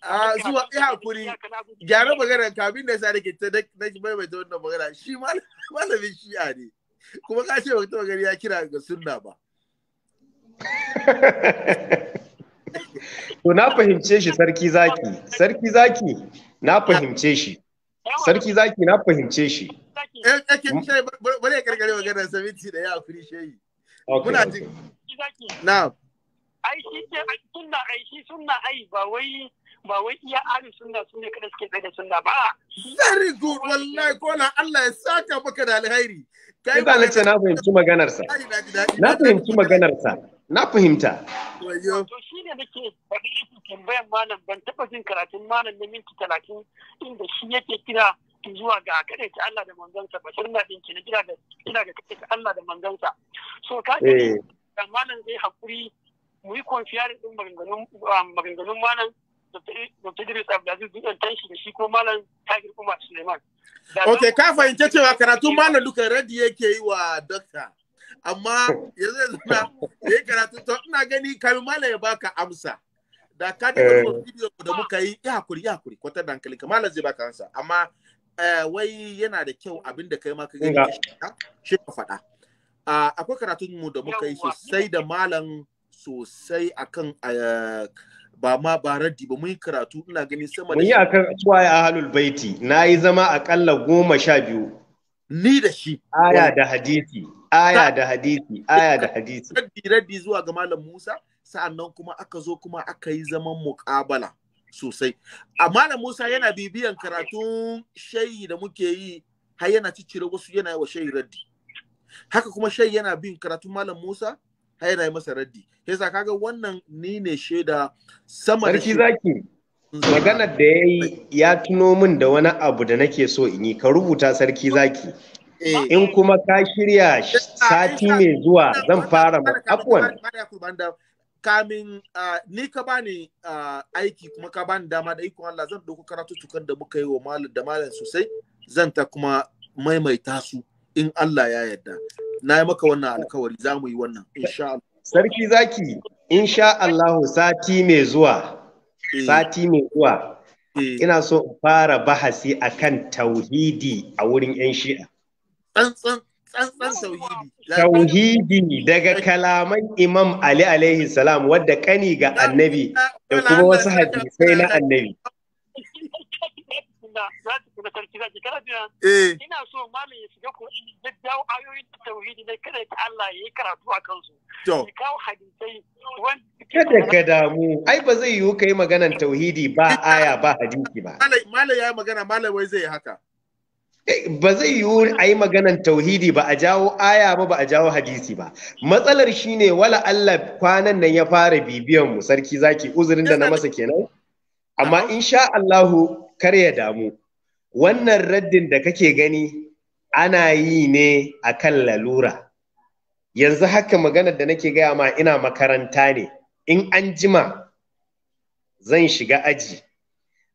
a zuwa ya hakuri gyara magana kamin da sa nake ta nake maimaita wannan magana shi malamin shi'a ne kuma ka ce wata magana ya kira ga sunna ba to na fahimce shi sarki zaki sarki zaki na fahimce shi sarki zaki na fahimce shi eh kake shi bare karkare magana sabiti da ya hakuri shehi muna jin na'am ai shi ce sunna ai shi sunna ai ba wai ba wai iya ahli sunna su ne kada suke da sunna ba very good wallahi kola Allah ya saka maka da alheri kai ba na ce na fahimci maganar sa na fahimci maganar sa na fahimta to shi ne nake faɗi tambayan malam ban taba jin karatun malam na minti talatin inda shi yake kira zuwa ga kaɗai ta Allah da manzansa ba shirna ɗin ki na kira da kira ga kaɗai ta Allah da manzansa so ka ga eh. malam zai haƙuri mu yi konfiyar ɗin maganganun um, malam Okay, ka fahimci cewa karatun Malam duka Radi yake yi wa daka, Amma yanzu yanzu na yi karatu to ina gani kamin Malam ya baka amsa. Da ka da video eh. da muka yi ya hakuri ya hakuri kwatar da hankali ka zai baka amsa amma eh, wai yana da kyau abin da kai ma ka gani shi ka faɗa. Ah, akwai karatun mu da muka yi sosai da Malam sosai akan eh, ba ma ba raddi ba mun karatu ina ganin sama da mun yi akan a halul baiti nayi zama akalla goma sha biyu ni da shi aya da hadisi aya da hadisi aya da hadisi raddi raddi zuwa ga malam Musa sa'annan kuma aka zo kuma aka yi zaman muƙabala sosai a malam Musa yana bibiyan karatun shayi da muke yi har yana ciccire wasu yana yi wa shayi raddi haka kuma shayi yana bin karatun malam Musa har yana yi masa raddi yasa kaga wannan ni ne shaida sama da zaki maganar da ya yi ya tuno min da wani abu da nake so in yi ka rubuta sarki zaki eh. in kuma ka shirya sati mai zuwa zan fara afwan kamin ni ka bani aiki kuma ka bani dama da ikon Allah zan dauko tukan da muka yi wa malam da malam sosai zan ta kuma maimaita su in Allah ya yarda na yi maka wannan alkawari za mu yi wannan insha Allah sarki zaki insha Allah sati mai zuwa eh. sati mai zuwa eh. ina so in fara bahasi akan tauhidi a wurin yan shi'a tauhidi tauhidi daga kalaman imam ali alaihi salam wadda kani ga annabi da kuma wasu hadisai na annabi da za ta kuma sarki zaki kana jira eh. ina so malam ya shiga koyi da jawo ayoyin tauhidi ne kada ta Allah ya yi karatu a kansu to kawo hadisai kada ka damu ai ba zai yiwu ka yi maganan tauhidi ba aya ba hadisi ba malam ya magana malam wai zai haka eh, ba zai yiwu a yi maganan tauhidi ba a jawo aya ba ba a jawo hadisi ba matsalar shi ne wala Allah kwanan nan ya fara bibiyan mu sarki zaki uzurin da na masa kenan amma insha Allahu kar ya damu wannan raddin da kake gani ana yi ne a kan lalura yanzu haka maganar da nake gaya ma ina makaranta ne in an jima zan shiga aji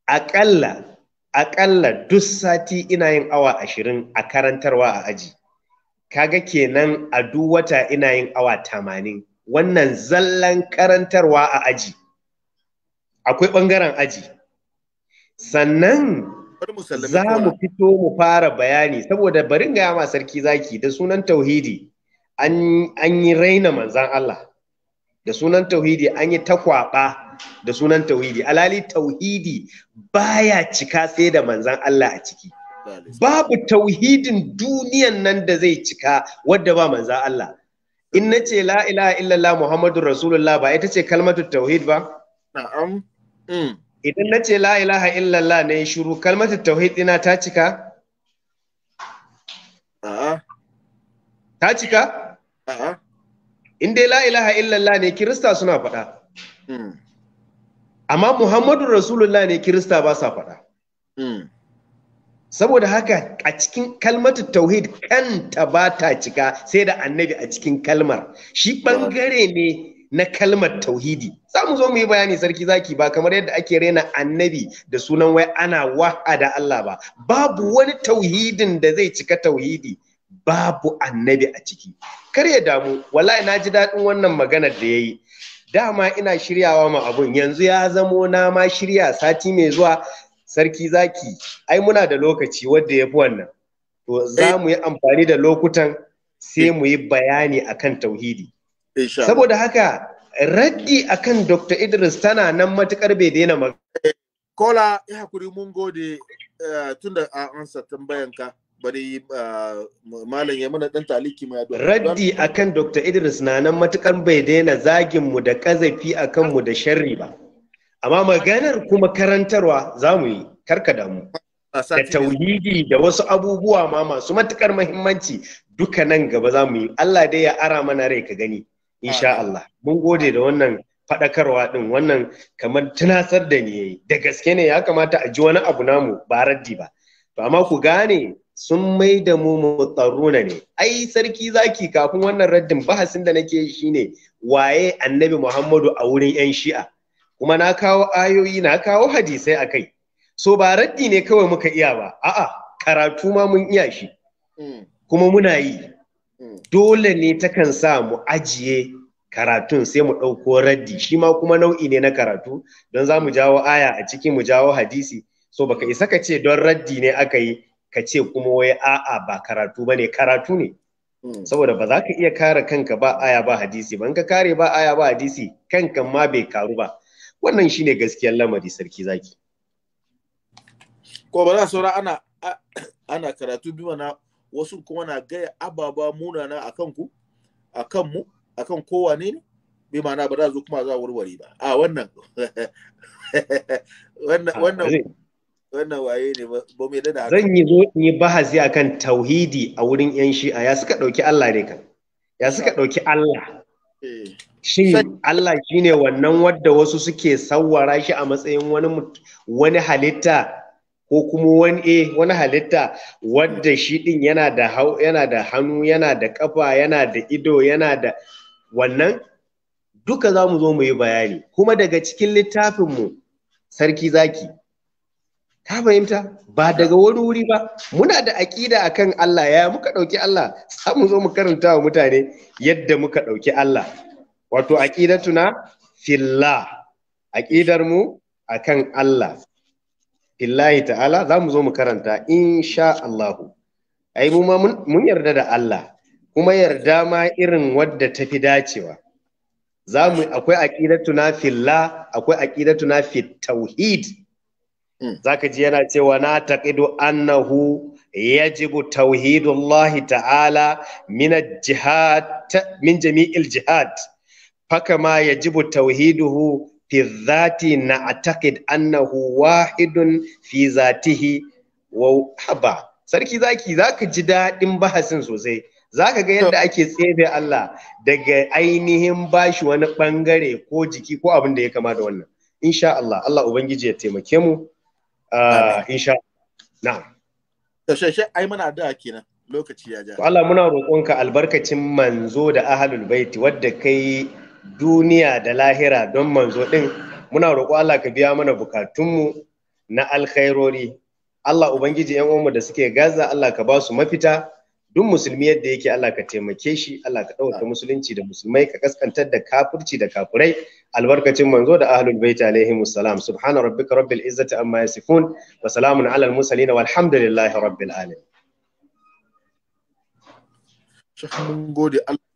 aƙalla aƙalla duk sati ina yin awa ashirin a karantarwa a aji kaga kenan a duk wata ina yin awa tamanin wannan zallan karantarwa a aji akwai ɓangaren aji sannan za mu fito mu fara bayani saboda barin gaya ma sarki zaki da sunan tauhidi an yi raina manzan Allah da sunan tauhidi an yi takwaba da sunan tauhidi alali tauhidi baya cika sai da manzan Allah a ciki babu tauhidin duniyan nan da zai cika wadda ba manzan Allah in na ce la illallah muhammadu rasulullah ba ita ce kalmatu tauhid ba na'am mm. idan na ce la ilaha illallah na yi shiru kalmata tauhid dina ta cika? A'a. Ta cika? A'a. In dai la ilaha illallah ne Kirista suna faɗa. Hmm. Amma Muhammadu Rasulullah ne Kirista ba sa faɗa. Hmm. Saboda haka a cikin kalmatu tauhid kanta ba ta cika sai da annabi a cikin kalmar. Shi ɓangare ne na kalmar tauhidi za mu zo mu yi bayani sarki zaki ba kamar yadda ake rena annabi da sunan wai ana wa'ada Allah ba babu wani tauhidin da zai cika tauhidi babu annabi a ciki kar ya damu wallahi na ji daɗin wannan maganar da yayi dama ina shiryawa ma abun yanzu ya zamo na ma shirya sati mai zuwa sarki zaki ai muna da lokaci wadda ya fi wannan to za eh. mu yi amfani da lokutan sai mu yi bayani akan tauhidi saboda haka raddi akan Dr. Idris tana nan matukar bai daina magana kola ya hakuri mun gode eh, da an ansa ka bari eh, malam ya mana dan taliki mai raddi akan Dr. Idris na nan matukan bai daina zagin mu da kazafi akan mu da sharri ba amma maganar kuma karantarwa zamu yi karka damu da tauhidi da wasu abubuwa ma masu matukar muhimmanci duka nan gaba zamu yi Allah dai ya ara mana rai ka gani insha Allah mun gode da wannan faɗakarwa ɗin wannan kamar tunasar da ni yayi da gaske ne ya kamata a ji wani abu namu ba raddi ba to amma ku gane sun mai da mu mutsaruna ne ai sarki zaki kafin wannan raddin bahasin da nake shi ne waye annabi Muhammadu a wurin yan shi'a kuma na kawo ayoyi na kawo hadisai a kai so ba raddi ne kawai muka iya ba a'a karatu ma mun iya shi mm. kuma muna yi dole ne takan sa mu ajiye karatun sai mu ɗauko raddi shi ma kuma nau'i ne na karatu don za mu jawo aya a ciki mu jawo hadisi so baka isa ka ce don raddi ne aka yi ka ce kuma wai a'a ba karatu ba ne karatu ne hmm. saboda ba za ka iya kare kanka ba aya ba hadisi ba ka kare ba aya ba hadisi kanka ma bai karu ba wannan shine gaskiyar lamari sarki zaki ko ba za ana ana karatu na wasu kuma na gaya ababa munana a kanku a kanmu a kan kowane ne bi ma'ana ba za zo kuma za warware ba a wannan wannan wannan waye ne ba mai dada zan yi zo in yi bahasi akan tauhidi a wurin yan shi'a ya suka dauki Allah ne kan ya suka dauki eh. Allah shi Allah shine wannan wadda wasu suke sawwara shi a matsayin wani halitta ko kuma wani eh wani halitta wadda shi din yana da yana da hannu yana da kafa yana da ido yana da wannan duka za mu zo mu yi bayani kuma daga cikin littafinmu sarki zaki ka fahimta ba daga wani wuri ba muna da aƙida akan Allah ya muka ɗauki Allah za mu zo mu karanta wa mutane yadda muka ɗauki Allah wato aƙidatuna fillah aƙidar mu akan Allah illahi ta'ala za mu zo mu karanta insha Allahu ai mu ma mun yarda da Allah kuma yarda ma irin wadda ta fi dacewa za mu akwai aqidatu na filla, akwai aqidatu na fit tauhid hmm. zaka ji yana cewa na taqidu annahu yajibu tauhidullahi ta'ala min jihad min jami'il jihad fakama yajibu tauhiduhu fi zati na atakid annahu wahidun fi zatihi wa haba sarki zaki zaka ji daɗin bahasin sosai zaka ga yadda ake tsebe Allah daga ainihin bashi wani bangare ko jiki ko abin da ya kama da wannan insha Allah Allah ubangiji ya taimake mu insha Allah na'am to sheshe ai muna da kenan lokaci ya ja Allah muna roƙonka albarkacin manzo da ahlul baiti wadda kai duniya da lahira don manzo ɗin muna roƙo Allah ka biya mana bukatunmu na alkhairori Allah ubangiji yan uwanmu da suke Gaza Allah ka ba su mafita duk musulmi yadda yake Allah ka taimake shi Allah ka ɗauka musulunci da musulmai ka kaskantar da kafirci da kafurai. albarkacin manzo da ahlul bait alaihi wassalam subhana rabbika rabbil izzati amma yasifun wa salamun al mursalin walhamdulillahi rabbil alamin Shekhan mun gode Allah